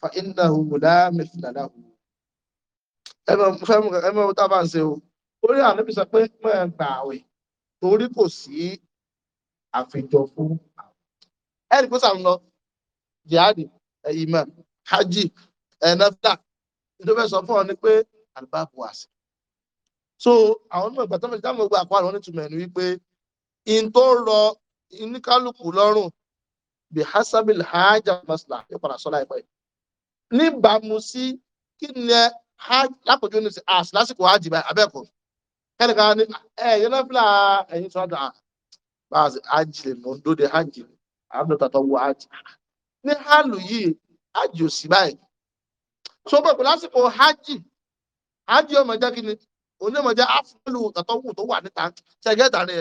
fa iná hùwùdá mẹ́fìlàdá hù. ẹ mọ ohun tá a bá ń ṣe o orí àdìbí sọ pé mọ́ ẹ gbà àwẹ̀ torí kò sí àfijọ fún àwọn. ẹnì kó sàn lọ jihadi ìmọ̀ hajj ẹ̀nàfíà nítorí sọ fún ọ ni pé àlùbáàbò àṣẹ. so àwọn onímọ̀ ìgbà tó ń bá gbogbo àkọ́ àwọn onítùmọ̀ in tó rọ oníkálukú lọ́rùn bí hasabil hajj masla yóò padà sọ́lá ẹ̀pẹ́ níbàámu sí kí ni lápòjú ní àṣì lásìkò hajj báyìí abẹ́ẹ̀kọ́ kẹ́nìkan ní ẹ̀yìn lọ́fíà ẹ̀yìn sọ́dọ̀ báàsì hajj lè mọ̀ ndóde hajj àbúrò wọ hajj ní hàlù yìí hajj ò sí báyìí so bọ̀ pé lásìkò hajj hajj ọmọ jẹ́ kí ni onímọ̀ jẹ́ áfúlù tàtọ́wù tó wà níta ṣẹ́gẹ́ta ni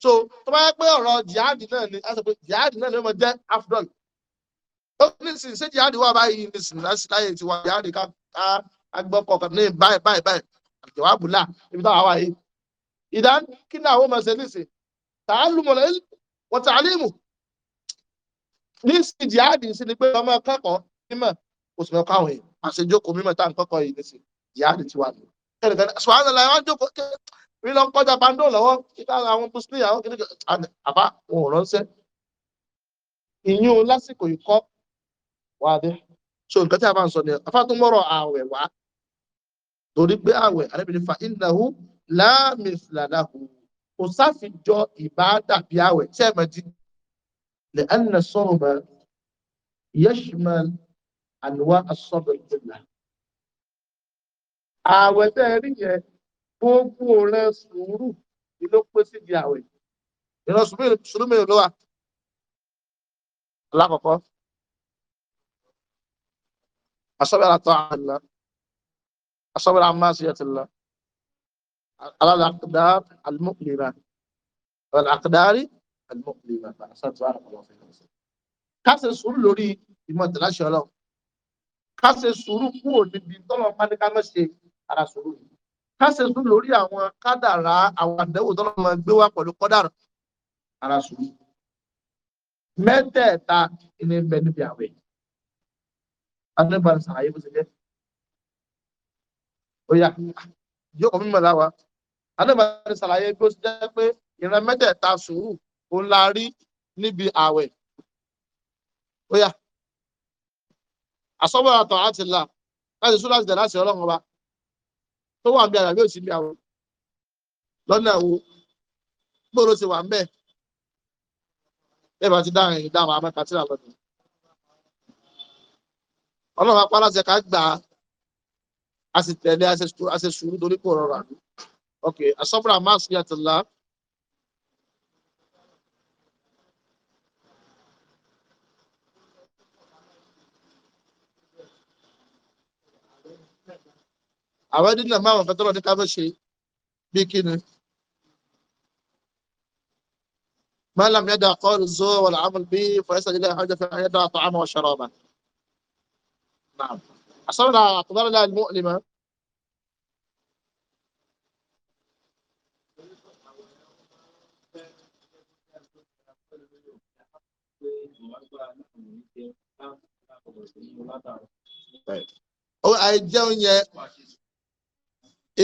so tó bá yẹ pé ọ̀rọ̀ jihad náà ni a sọ pé jihad náà ni ó mọ jẹ́ afdol ó ní sìn ṣé jihad wà báyìí ní sìn láyé tiwa jihad ká agbọ́kọ̀ kan ní báyìí báyìí báyìí àjọwà bùlà ibi táwa wà yìí ìdá kí ni àwọn ọmọ ṣe nísìn tààlùmọ̀ wọ́n tààlìmù ní sìn jihad sí ni pé ọmọ kẹ́kọ̀ọ́ mímọ̀ kò sì mọ̀ káwọn yìí àṣejókòó mímọ̀ tá à ń kọ́kọ́ yìí ní sìn jihad tiwa ni ẹnìkan rí lọ kọjá bandó lọ́wọ́ kíkà àwọn muslim àwọn kìnnìkà àbá wọn ò ránṣẹ́ ìyún lásìkò ìkọ́ wà dé so nǹkan tí a bá ń sọ ni afá tó mọ́rọ̀ ààwẹ̀ wá torí pé ààwẹ̀ arábìnrin fa innahu la mithla lahu kò sáfìjọ ìbá dàbí ààwẹ̀ tí ẹ̀ mọ̀tí lè ẹnna sọ̀rọ̀ bá yashmal anwa as-sabr ìjìnlá ààwẹ̀ tẹ́ ẹ rí yẹn gbogbo rẹ sùúrù ni ló pé síbi àwẹ̀ ìran sùúrù mélòó ló wà alákọ̀ọ́kọ́ asọ́bẹ̀rẹ̀ àtọ́ àlá asọ́bẹ̀rẹ̀ àmáṣíyàtìlá alálàkùdár almọ́kùnlélá alàkùdárí almọ́kùnlélá àṣàtúwà àkọlọ́fẹ́ ká ṣe sùúrù lórí ìmọ̀ tẹ̀láṣẹ́ ọlọ́run ká ṣe sùúrù kúrò níbi tọ́lọ̀ pálíkámẹ́ṣe ara sùúrù yìí káṣẹ sùn lórí àwọn kádàrá àwọn àdánwò tó lọ́mọ gbé wá pẹ̀lú kọ́dàrá ara sùn mẹ́tẹ̀ẹ̀ta ní bẹ́ẹ̀ níbi àwẹ̀ adébàlẹ̀ sàlàyé bó ṣe jẹ́ ó yá yóò kọ́ mímọ̀ láwa adébàlẹ̀ sàlàyé bó ṣe jẹ́ pé ìran mẹ́tẹ̀ẹ̀ta sùúrù òun la rí níbi àwẹ̀ ó yá àtọ̀ àti là láti sùn láti dẹ̀ láti ọlọ́run ọba tó wà ń bẹ àlàyé òsì ń bẹ àwọn lọ́nà wo gbòòrò ti wà ń bẹ bẹ́ẹ̀ bá ti dáhùn ẹ̀yìn dáhùn amẹ́ta tí làwọn ọ̀dọ̀ ọlọ́run apá aláṣẹ ká gbà á a sì tẹ̀lé a sì sùúrù torí kò rọrùn ok asọ́bùrà máa sùn yàtọ̀ láà. àwa nínú àmọ́ àwọn akẹ́tọ́rọ̀ ní ṣe bí ما لم يدع قول الزور والعمل به فليس إلى حاجة في أن يدع طعامه وشرابه نعم على أقدارنا المؤلمة طيب هو أي جون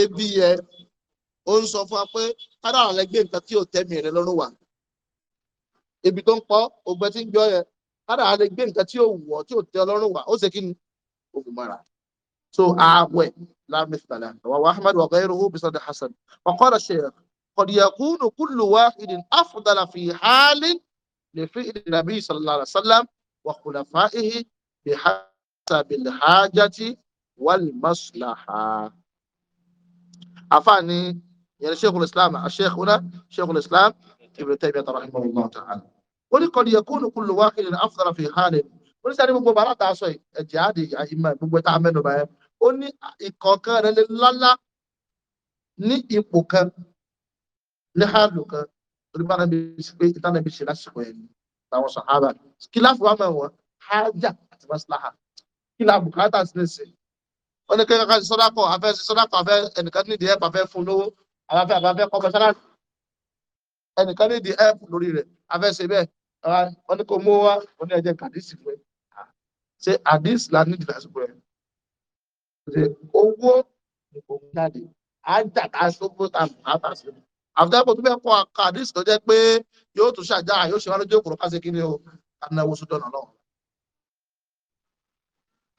ebi yẹ ó ń sọ fún wa pé kádàrà rẹ gbé nǹkan tí ò tẹ́mi rẹ lọ́rùn wà ebi tó ń pọ̀ ògbẹ́ tí ń gbọ́ yẹ kádàrà rẹ gbé nǹkan tí ò wọ̀ tí ò tẹ́ lọ́rùn wà ó ṣe kí ni ogun mara so ààwẹ̀ láàmì ìtàlẹ̀ wàwà ahmed wàgbà irúhù bisadu hasan ọkọ̀rọ̀ ṣe kọ̀dìyàkúnù kúlù wá ìdìn afdala fi hálín lè fi ìdìn nàbí sallallahu alaihi wà kùnà fáìhì عفاني يعني شيخ الإسلام الشيخ هنا شيخ الإسلام ابن تيمية رحمه الله تعالى قل قد يكون كل واحد أفضل في حاله وليس أنا مبوا برات عصي الجهاد يا إما مبوا تعملوا بعه أني إكوكر للا ني إبوكر لحالك ربنا بيسبي تنا بيشيل سكوين تاو نعم صحابة كلاف وما هو حاجة مصلحة كلاف بكرة تنسي ó ní kékeré sí sọ́dákọ̀ afẹ́ sí sọ́dákọ̀ afẹ́ ẹnìkan nídìí ẹ̀pù afẹ́ fún lówó afẹ́ afẹ́ kọ́ mọ́sálásí ẹnìkan nídìí ẹ̀pù lórí rẹ̀ afẹ́ ṣe bẹ́ẹ̀ ó ní kó mú wá ó ní ẹ̀jẹ̀ kàdísì fún ẹ ṣe àdísì la nídìí lásìkò rẹ̀ owó ìkòkò jáde ájà ká ṣókó tá àbá sí i àfẹ́kọ̀ tó bẹ́ẹ̀ kọ́ àdísì tó jẹ́ pé yóò tún ṣàjà yóò ṣe wá lójú òkúrò ká ṣe kí ni o àdínàwó náà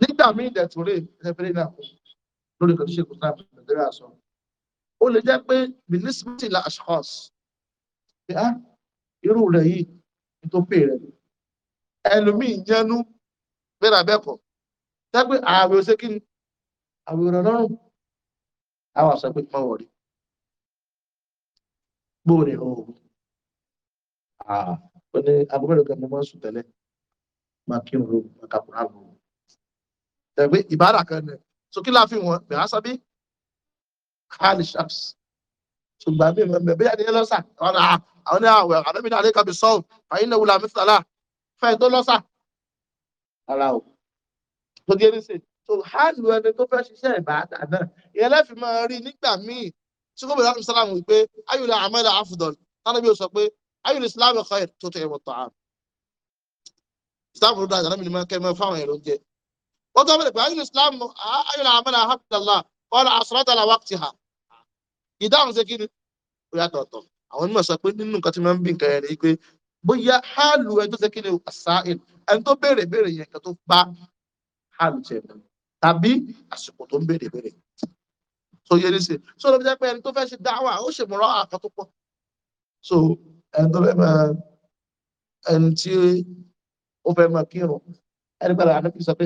nígbà míì dẹ̀túrè ẹ̀fẹ̀rẹ̀ náà lórí kan ṣe kò sáà nàìjíríà sọ ó lè jẹ́ pé minismiti la ashkos yá ah, irú rẹ̀ yìí ní tó pè rẹ̀ ẹlòmíì yẹnu bẹ́ẹ̀ abẹ́kọ̀ jẹ́ pé ààwẹ̀ òṣè kí ni ààwẹ̀ rẹ̀ lọ́rùn àwọn àṣà pé mọ́ wọ̀rí gbóòrè oòrùn ó ní agbóhùn kan mo máa sùn tẹ́lẹ̀ máa kí n ro máa kàkùrà lọ ẹ̀gbẹ́ ìbára kan nẹ̀ so kí láàfin wọn bẹ̀rẹ̀ sábí hali shams ṣùgbọ́n mi mọ̀ bẹ́ẹ̀ ni lọ́sà ọ̀nà àwọn ní àwẹ̀ àdẹ́bí ní àlékàbí sọ́ọ̀ àyín náà wùlà mẹ́tàlá fẹ́ tó lọ́sà ara o tó gé nísìn so hali ẹni tó fẹ́ ṣiṣẹ́ ìbáàdà náà ìyẹn lẹ́fi máa rí nígbà míì tí kò bẹ̀rẹ̀ sálàmù wípé ayùlẹ̀ àmọ́lẹ̀ àfùdọ̀l tánàbí ò sọ pé ayùlẹ̀ islam khair tó tẹ̀ wọ̀ tọ̀ àrùn islam ló dáa ìdáná mi ni máa kẹ́ mọ́ fáwọn èrò oúnjẹ wọ́n tó bẹ̀rẹ̀ pé ayé islam ayọ̀lá àmàlà àhàbìlá kọ́lá àṣírátàlá wákìtì ha ìdáhùn sí kí ni ó yàtọ̀ ọ̀tọ̀ àwọn onímọ̀ sọ pé nínú nǹkan tí wọ́n ń bí nǹkan yẹn ni pé bóyá hálù ẹni tó ṣe kí ni àṣàìl ẹni tó béèrè béèrè yẹn kan tó bá hálù jẹ tàbí àsìkò tó ń béèrè béèrè so yé ní sè so ló jẹ́ pé ẹni tó fẹ́ ṣe dáwà ó ṣe mọ̀rọ̀ ẹni tó fẹ́ máa ẹni sọ pé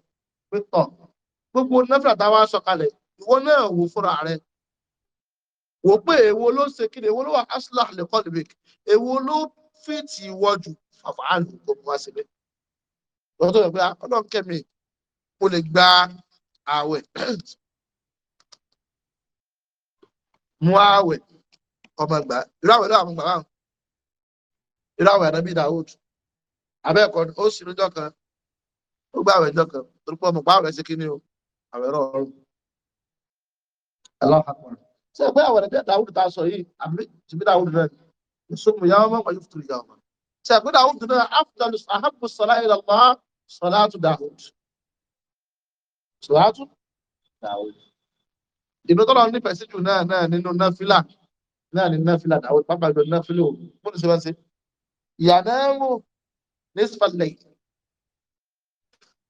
pé tọ̀ gbogbo nọ́fìlà táwa sọ̀kalẹ̀ ìwọ náà wò fúnra rẹ̀ wò pé èwo ló ṣe kí ni èwo ló wà aslah lè kọ́ níbi èwo ló fìtì wọ́jú fàfàánù gbogbo wa síbẹ̀ lọ́tọ̀ rẹ̀ pé ah, ọlọ́run kẹ́mi mo lè gba ààwẹ̀ mú ààwẹ̀ ọmọ ìgbà irú àwẹ̀ àwọn gbàgbà irú àwẹ̀ àdàbí Dawud abẹ́ẹ̀kọ́ ó sì lójọ́ kan ó gbà àwẹ̀ torí pé ọmọ pààrọ̀ ẹ̀sìn kíní o àwẹ̀ rọ̀ ọ̀run. ṣé ẹgbẹ́ àwọn ẹ̀dẹ́ Dáwùdù tá a sọ yìí àbí jìbí Dáwùdù rẹ̀ ìṣòwò yàwó mọ́ wọ́n yóò fi yàwó mọ́. ṣé ẹgbẹ́ Dáwùdù náà afdal ahabu sọlá ilẹ̀ mọ́ sọlá tu Dáwùdù. sọlá tu Dáwùdù. ìlú tọ́lọ́ nífẹ̀ẹ́ sí náà náà nínú náfìlà náà ní náfìlà Dáwùdù pápá ìlú náfìlà òun mú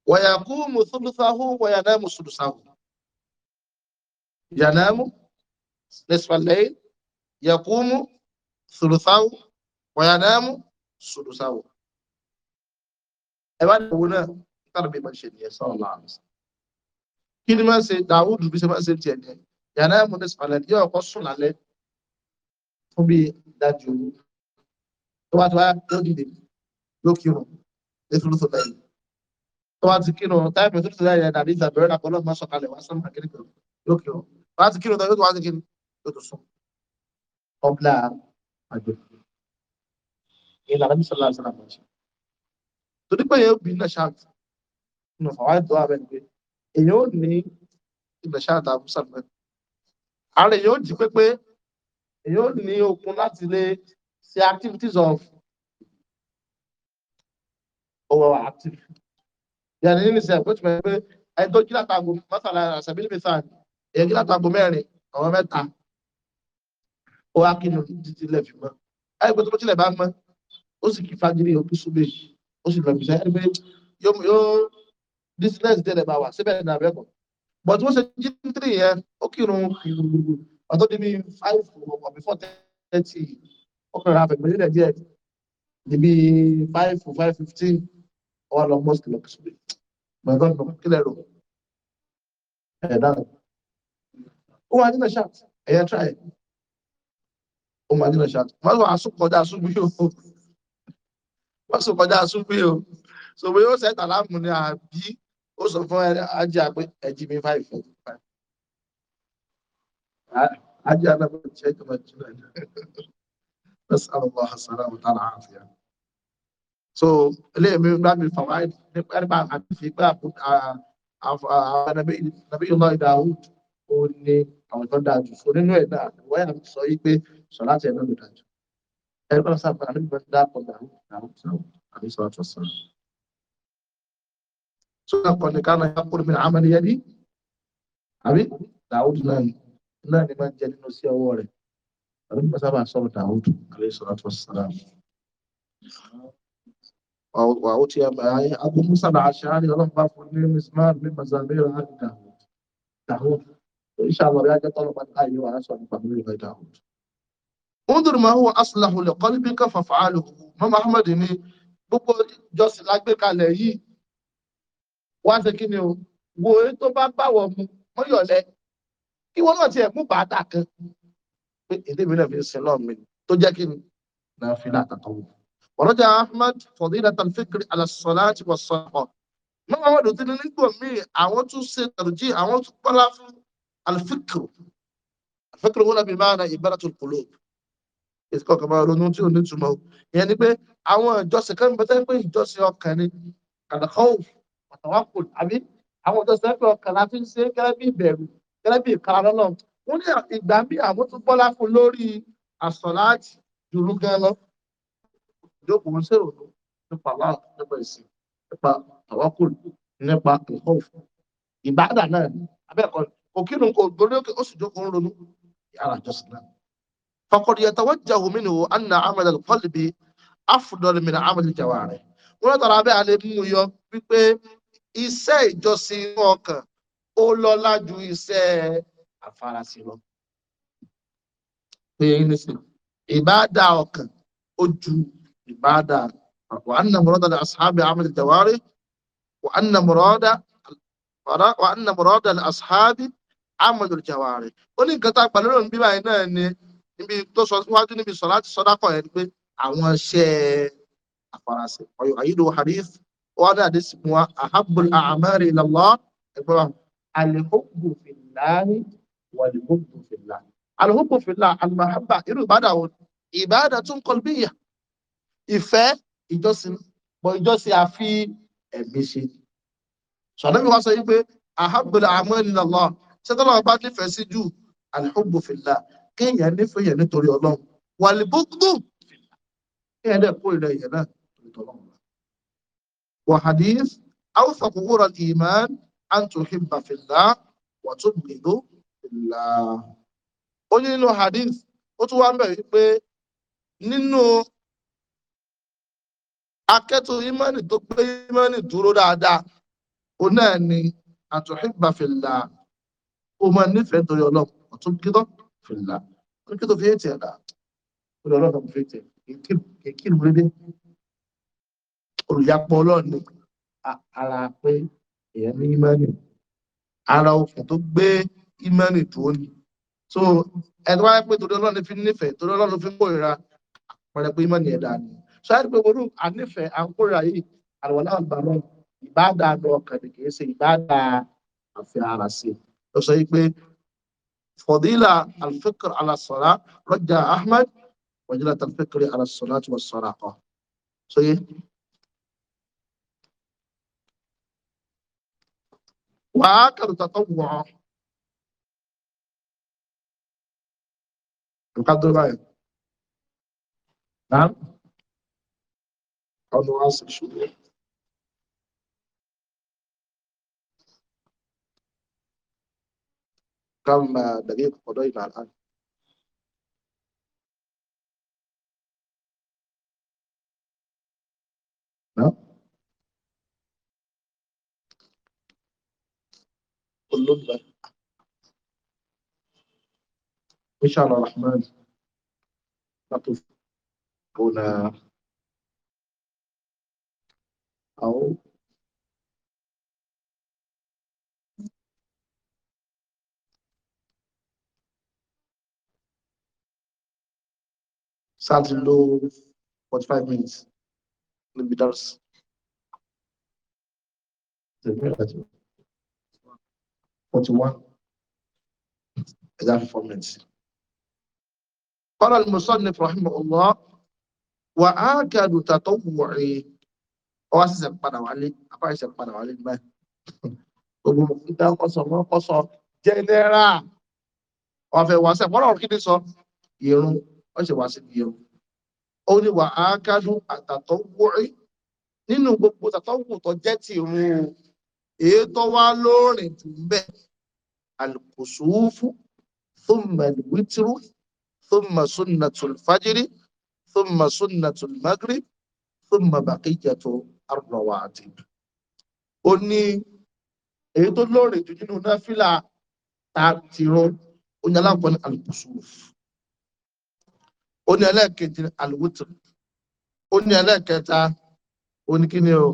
ويقوم ثلثه وينام سدسه ينام نصف الليل يقوم ثلثه وينام سدسه ẹ̀bá ìwò náà tàbí ma ṣe nìyẹn sallallahu alaihi wasallam kí ni máa ṣe Dawud bí ṣe máa ṣe tiẹ̀ nìyẹn yàrá ẹ̀mú ní sàlẹ̀ yóò kọ́ sùn lálẹ́ fún bí dájú owó tó bá tó bá yóò dìde yóò kírun ní ثلث الليل tó bá ti kírun táìpì tó ti láyé dàbí ìtàbẹ̀rẹ̀ náà kọ́lọ́ máa sọ̀kalẹ̀ wá sọ́mà kiri kan yóò kírun tó bá ti kírun tó yóò tó wá ti kírun yóò tó sùn ọ̀bla àgbẹ̀ ìlànà bí sọ̀lá sọ̀lá máa ṣe. torí pé yóò bí nàṣàtì nù fàwọn ètò ààbẹ̀ ni pé èyàn ò ní ìnàṣàtì àbúsà mẹ́rin ààrẹ yóò jí pépé èyàn ò ní okun láti lè ṣe activities of over active yàrá nínú ìsìn ẹ̀kọ́ tí mo pé ẹni tó jí látàgò mọ́sàlá àṣàbí níbi sáà èyí jí látàgò mẹ́rin ọ̀wọ́ mẹ́ta ó wá kí ni títí lẹ̀ fi mọ́ ẹni pé tó tilẹ̀ bá mọ́ ó sì kí fagiri òkú súbẹ̀ ó sì lọ bìsẹ́ ẹni pé yóò business dé lẹ̀ bá síbẹ̀ ní abẹ́kọ̀ but wọ́n ṣe jí tírì yẹn ó kírun gbùgbùgbù ọ̀tọ́ níbi five or before thirty ó kọ̀ọ̀rọ̀ àfẹ̀gbẹ̀lẹ̀ díẹ̀ níbi five or five fifteen ọwọ́ lọ mọ́sìkì lọ sórí mọ̀ẹ́kọ́ lọ kílẹ̀ rò ẹ̀dá ó wà nínú ṣáàt ẹ̀yẹ tíráì ó wà nínú ṣáàt wọ́n wà sún kọjá súnbí o wọ́n sún kọjá súnbí o sọ̀bọ̀ yóò sẹ́ta láàmú ni àbí ó sọ fún ajé àpé ẹjì mi fáì fún fáì ajé alábọ̀ ìṣẹ́jú mẹ́jọ náà ní ọ̀sán àwọn ọ̀sán àwọn ọ̀tá làwọn àfihàn so eléyìí bá mi fà wáyé nípa nípa àbífi pé àbànàbí ìlọ ìdáhùn ó ní àwọn tó dáa jù so nínú ẹ̀dá wáyà mi sọ yí pé sọ láti ẹ̀dá ló dáa jù ẹ̀rọ bá sábà àbí bá dáa pọ̀ dáhùn dáhùn sáwọn àbí sọ àtọ̀ sọ. so náà kọ́ni ká náà yá kúrò mi náà àmàlẹ́ yẹn ní àbí dáhùn náà ni náà ni máa ń jẹ nínú sí ọwọ́ rẹ̀ àbí bá sábà sọ̀rọ̀ dáhùn àbí sọ àtọ̀ sọ̀rọ̀. وأوتي معي أبو موسى العشعري رغبة في مسمار من مزامير هذا داوود إن شاء الله بيجي طلب الآية وأسوأ من غير داوود انظر ما هو أصلح لقلبك فافعله مام أحمد ni gbogbo ìjọsìn la gbé kalẹ̀ yìí wá ṣe kí ni o wo èyí tó bá báwọ̀ mu mọ́yọ̀lẹ́ kí wọ́n náà tiẹ̀ mú bàtà kan pé èdè mi náà fi sin lọ́ọ̀ mi tó jẹ́ kí ni náà fi látàkọ́ wò ọ̀rọ̀jà ahmad fọ̀dílà tàlfíkìrì alàṣọlá àti wàṣọ̀kọ̀ máa wọ́n dòtí ní nígbà míì àwọn tún ṣe tàrùjí àwọn tún pọ́lá fún alfíkìrì alfíkìrì wọn lábẹ́ máa na ìbára tó kúlò ìsìkọ́ kan máa ronú tí ò ní túmọ̀ ìyẹn ni pé àwọn ìjọsìn kan bẹ́tẹ́ pé ìjọsìn ọkàn ni àdàkọ́wò àtàwákò àbí àwọn ìjọsìn ẹgbẹ́ ọkàn la fi ń ṣe gẹ́gẹ́ bí jókòó ń ṣèrònú nípa Allah nípa ìsìn nípa tawakkul nípa al-khawf ìbáàdà náà abẹ́ẹ̀kọ́ kò kírun kò gbórí òkè ó sì jókòó ń ronú yàrá àjọsìn náà. faqad yatawajjahu minhu anna amal al-qalbi afdal min amal al-jawari wọn látara abẹ́ alẹ́ mú yọ wípé iṣẹ́ ìjọsìn ọkàn ó lọ́lá ju iṣẹ́ àfarasí lọ pé yín nísìnyí ìbáàdà ọkàn ó ju عبادة وأن مراد لأصحاب عمل الجوارح وأن مراد وأن مراد لأصحاب عمل الجوارح ó ní nǹkan tá a pàdé lónìí bí báyìí náà ni níbi tó sọ síwájú níbi sọ láti sọ dákọ̀ yẹn pé àwọn iṣẹ́ àfarasẹ̀ ọ̀yọ̀ àyílò harif ó wá dáadé sí wa ahabbul a'mali ila Allah ẹgbẹ́ wa alihubbu fillahi walihubbu fillah alihubbu fillah almahabba irú ìbádà wo ìbádà tún qalbiyya ìfẹ́ ìjọsìn bọ̀ ìjọsìn àfi ẹ̀mí ṣe ṣàdébí wá sọ wípé ahabbul a'mal ilallah ṣẹ́tọ́lọ́ ọba nífẹ̀ẹ́ sí jù al-hubbu fillah kéèyàn nífẹ̀ẹ́ yẹn nítorí ọlọ́run wal-bughdu fillah kéèyàn dẹ̀ kó ìrẹ̀ yẹn náà nítorí ọlọ́run wa hadith awthaq ghura al-iman an tuhibba fillah wa tubghidu fillah ó ní nínú hadith ó tún wá ń bẹ̀ wípé nínú akẹ́tù ìmánì tó gbé ìmánì dúró dáadáa ó náà ni àtúnhìgbà fìlà ó máa nífẹ̀ẹ́ torí ọlọ́run ọ̀tún kíkọ́ fìlà ó kí tó fi ètì ẹ̀dá ó ọlọ́run fi ètì kìkì ìmúrédé olùyapọ̀ ọlọ́run ni ara pé èèyàn ní ìmánì ara òkun tó gbé ìmánì dúró ni so ẹ̀dá wáyé pé torí ọlọ́run fi nífẹ̀ẹ́ torí ọlọ́run fi kórìíra pẹ̀lẹ́ pé ìmánì ẹ̀dá ni sọ́yà pé orú ànífẹ̀ẹ́ àkúrà yìí àlùwàlá àgbàmọ́ ìbáàdà àdó ọkàn ni kì í ṣe ìbáàdà àfi ara sí i ó sọ yìí pé fọdílà alfikr alasọlá rọjà ahmed wàjílà tàlfikr alasọlá tí wọ́n sọ̀rọ̀ àkọ́ sóyè. wàá kàrò tàtọ́ wọ̀ ọ́. nǹkan tó báyìí. حاول نوسع شوية كم دقيقة فضينا الآن إن شاء الله الرحمن تطوفون how start to do 45 minutes. Let me Forty-one. Exactly four minutes. قال المصنف رحمه الله وآكد تطوعي ọ wá ṣẹ̀ṣẹ̀ padà wálé apá ìṣẹ̀ padà wálé nígbà gbogbo ìdá kọsọ wọn kọsọ jẹnẹra wọn fẹ́ wá sẹ wọn ọ̀rọ̀ kí ni sọ irun wọn ṣe wá sí ní irun ó ní wà á kádùn àtàtọ wúrí nínú gbogbo tàtọ wù tó jẹ ti irun o èyí tó wá lóòrìn jù ń bẹ alùkùsùfù thumma alwitru thumma sunnatul fajiri thumma sunnatul maghrib thumma baqiyatu ar-rawatib ó ní èyí tó lóore jù nínú náfìlà ta ti rọ ó ní aláǹkọ́ ní al-kusuf ó ní ẹlẹ́ẹ̀kejì ní al-witr ó ní ẹlẹ́ẹ̀kẹta ó ní kíni o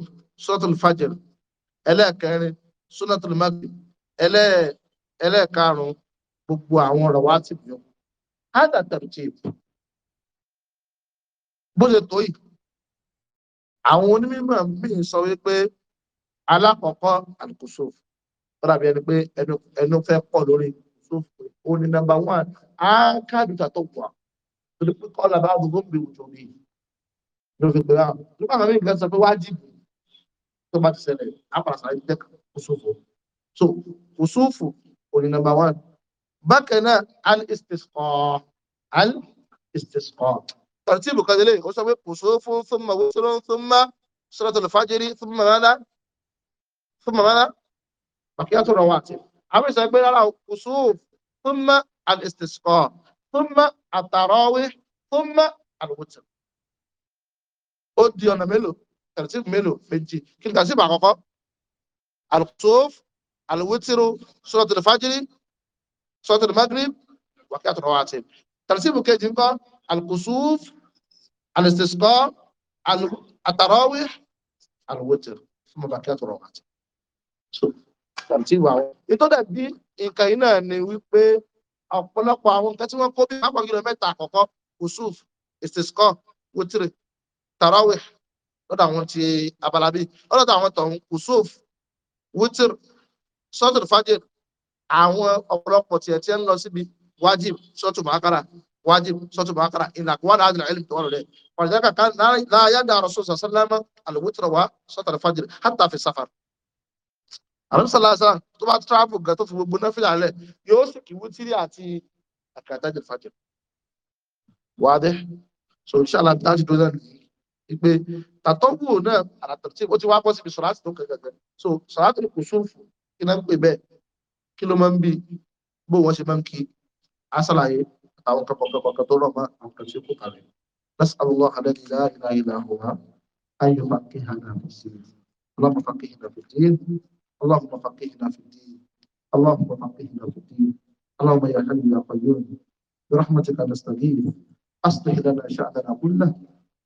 suratul fajr ẹlẹ́ẹ̀kẹrin sunnatul maghrib ẹlẹ́ẹ̀karùn-ún gbogbo àwọn rawatib yòókù hádà tartib bó ṣe tó yìí àwọn onímọ̀ míì sọ wípé alákọ̀ọ́kọ́ àlùkùsù rárá bí ẹni pé ẹnu fẹ́ pọ̀ lórí kùsù ó ní nọ́mbà wán á káàdùtà tó wà torí pé kọ́lá bá gbogbo ń bèèrè òjòrí ló fi gbéra nígbà tó ní nǹkan sọ pé wájìbì tó bá ti ṣẹlẹ̀ á padà sáré jẹ́ kùsù fò so kùsù o ó ní nọ́mbà wán bákan náà al istisqa al istisqa ترتيب كذلك وسبب بصوف ثم وسر ثم صلاة الفجر ثم ماذا ثم ماذا بقيات الرواتب أبي سأقول على بصوف ثم الاستسقاء ثم التراويح ثم الوتر أدي أنا ملو ترتيب ملو بنتي كل ترتيب عقاق الصوف الوتر صلاة الفجر صلاة المغرب وكات رواتب ترتيب كيف القصوف الاستسقاء التراويح الوتر ثم بقية الرواتب tàbíwá wọn. ètò dàbí nǹkan yìí ni wípé ọ̀pọ̀lọpọ̀ àwọn nǹkan tí wọ́n kó bí pápá kìlómítà àkọ́kọ́ usuf istisco wotire tarawih lọ́dọ̀ àwọn ti abalabi lọ́dọ̀ àwọn tọ̀hún usuf wotire sọ́tò fàjẹ́ àwọn ọ̀pọ̀lọpọ̀ tiẹ̀ tiẹ̀ ń lọ síbi wajib sọ́tò màkàrà واجب صوت بقرة إن أقوال هذا العلم تولوا له ولذلك كان لا يدع الرسول صلى الله عليه وسلم الوتر وصوت الفجر حتى في السفر àrùn sàlásà tó bá tíráàpù gan tó fi gbogbo náà fìlà lẹ yóò sì kí wútírì àti àkàtàjẹ fàjẹ wàdẹ so ìṣàlá dájú tó náà nìyí ìpè tàtọ́wù náà àràtọ̀ tí ó ti wá bọ́ síbi sọ̀rọ̀ àti tó kẹ̀kẹ̀kẹ̀ so sọ̀rọ̀ àti kò sóòfù kí náà ń pè bẹ́ẹ̀ kí ló máa ń bí bó wọ́n ṣe máa ń kí àṣàlàyé àwọn kọ̀kọ̀kọ̀kọ̀ tó rọ̀ mọ́ àwọn kan tí ó kó kalẹ̀. نسأل الله الذي لا إله إلا هو أن يفقهنا في الدين اللهم فقهنا في الدين اللهم فقهنا في الدين اللهم فقهنا في الدين اللهم يا حي يا قيوم برحمتك نستغيث أصلح لنا شأننا كله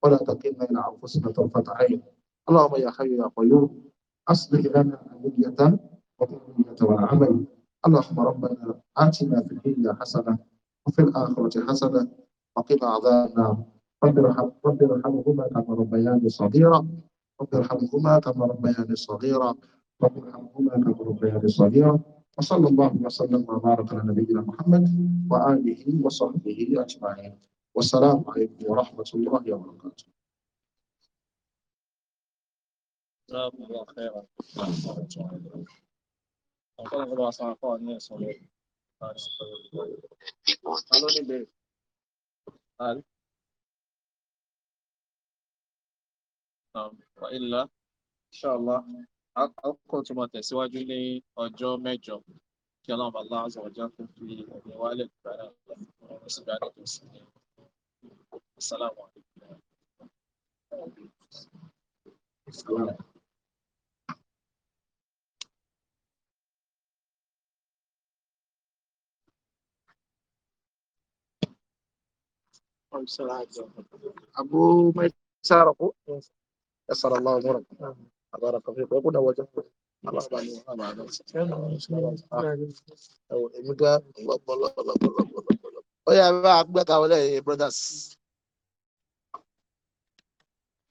ولا تقلنا إلى أنفسنا طرفة عين اللهم يا حي يا قيوم أصلح لنا عبودية وطنية والعمل اللهم ربنا آتنا في الدنيا حسنة وفي الآخرة حسنة وقنا عذاب النار رب ارحم رب ارحمهما كما ربياني صغيرا رب ارحمهما كما ربياني صغيرا رب ارحمهما كما ربياني صغيرا وصلى الله وسلم وبارك على نبينا محمد وآله وصحبه أجمعين والسلام عليكم ورحمة الله وبركاته جزاكم الله خيرا. هل نعم وإلا إن شاء الله أقول ثم تسواجني أجو مجو كلام الله عز وجل في موالد سبحانه وتعالى السلام عليكم السلام ابو ما يسارقوا يسر الله اموركم بارك فيكم يقول هو جنبه الله يا بقى بقى ولا يا برادرز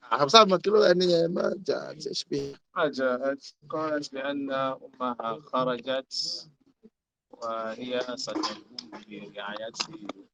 حمصاب ما كيلو يعني ما جاءت ايش بيه؟ ما جاءت قالت بان امها خرجت وهي صدقت برعايته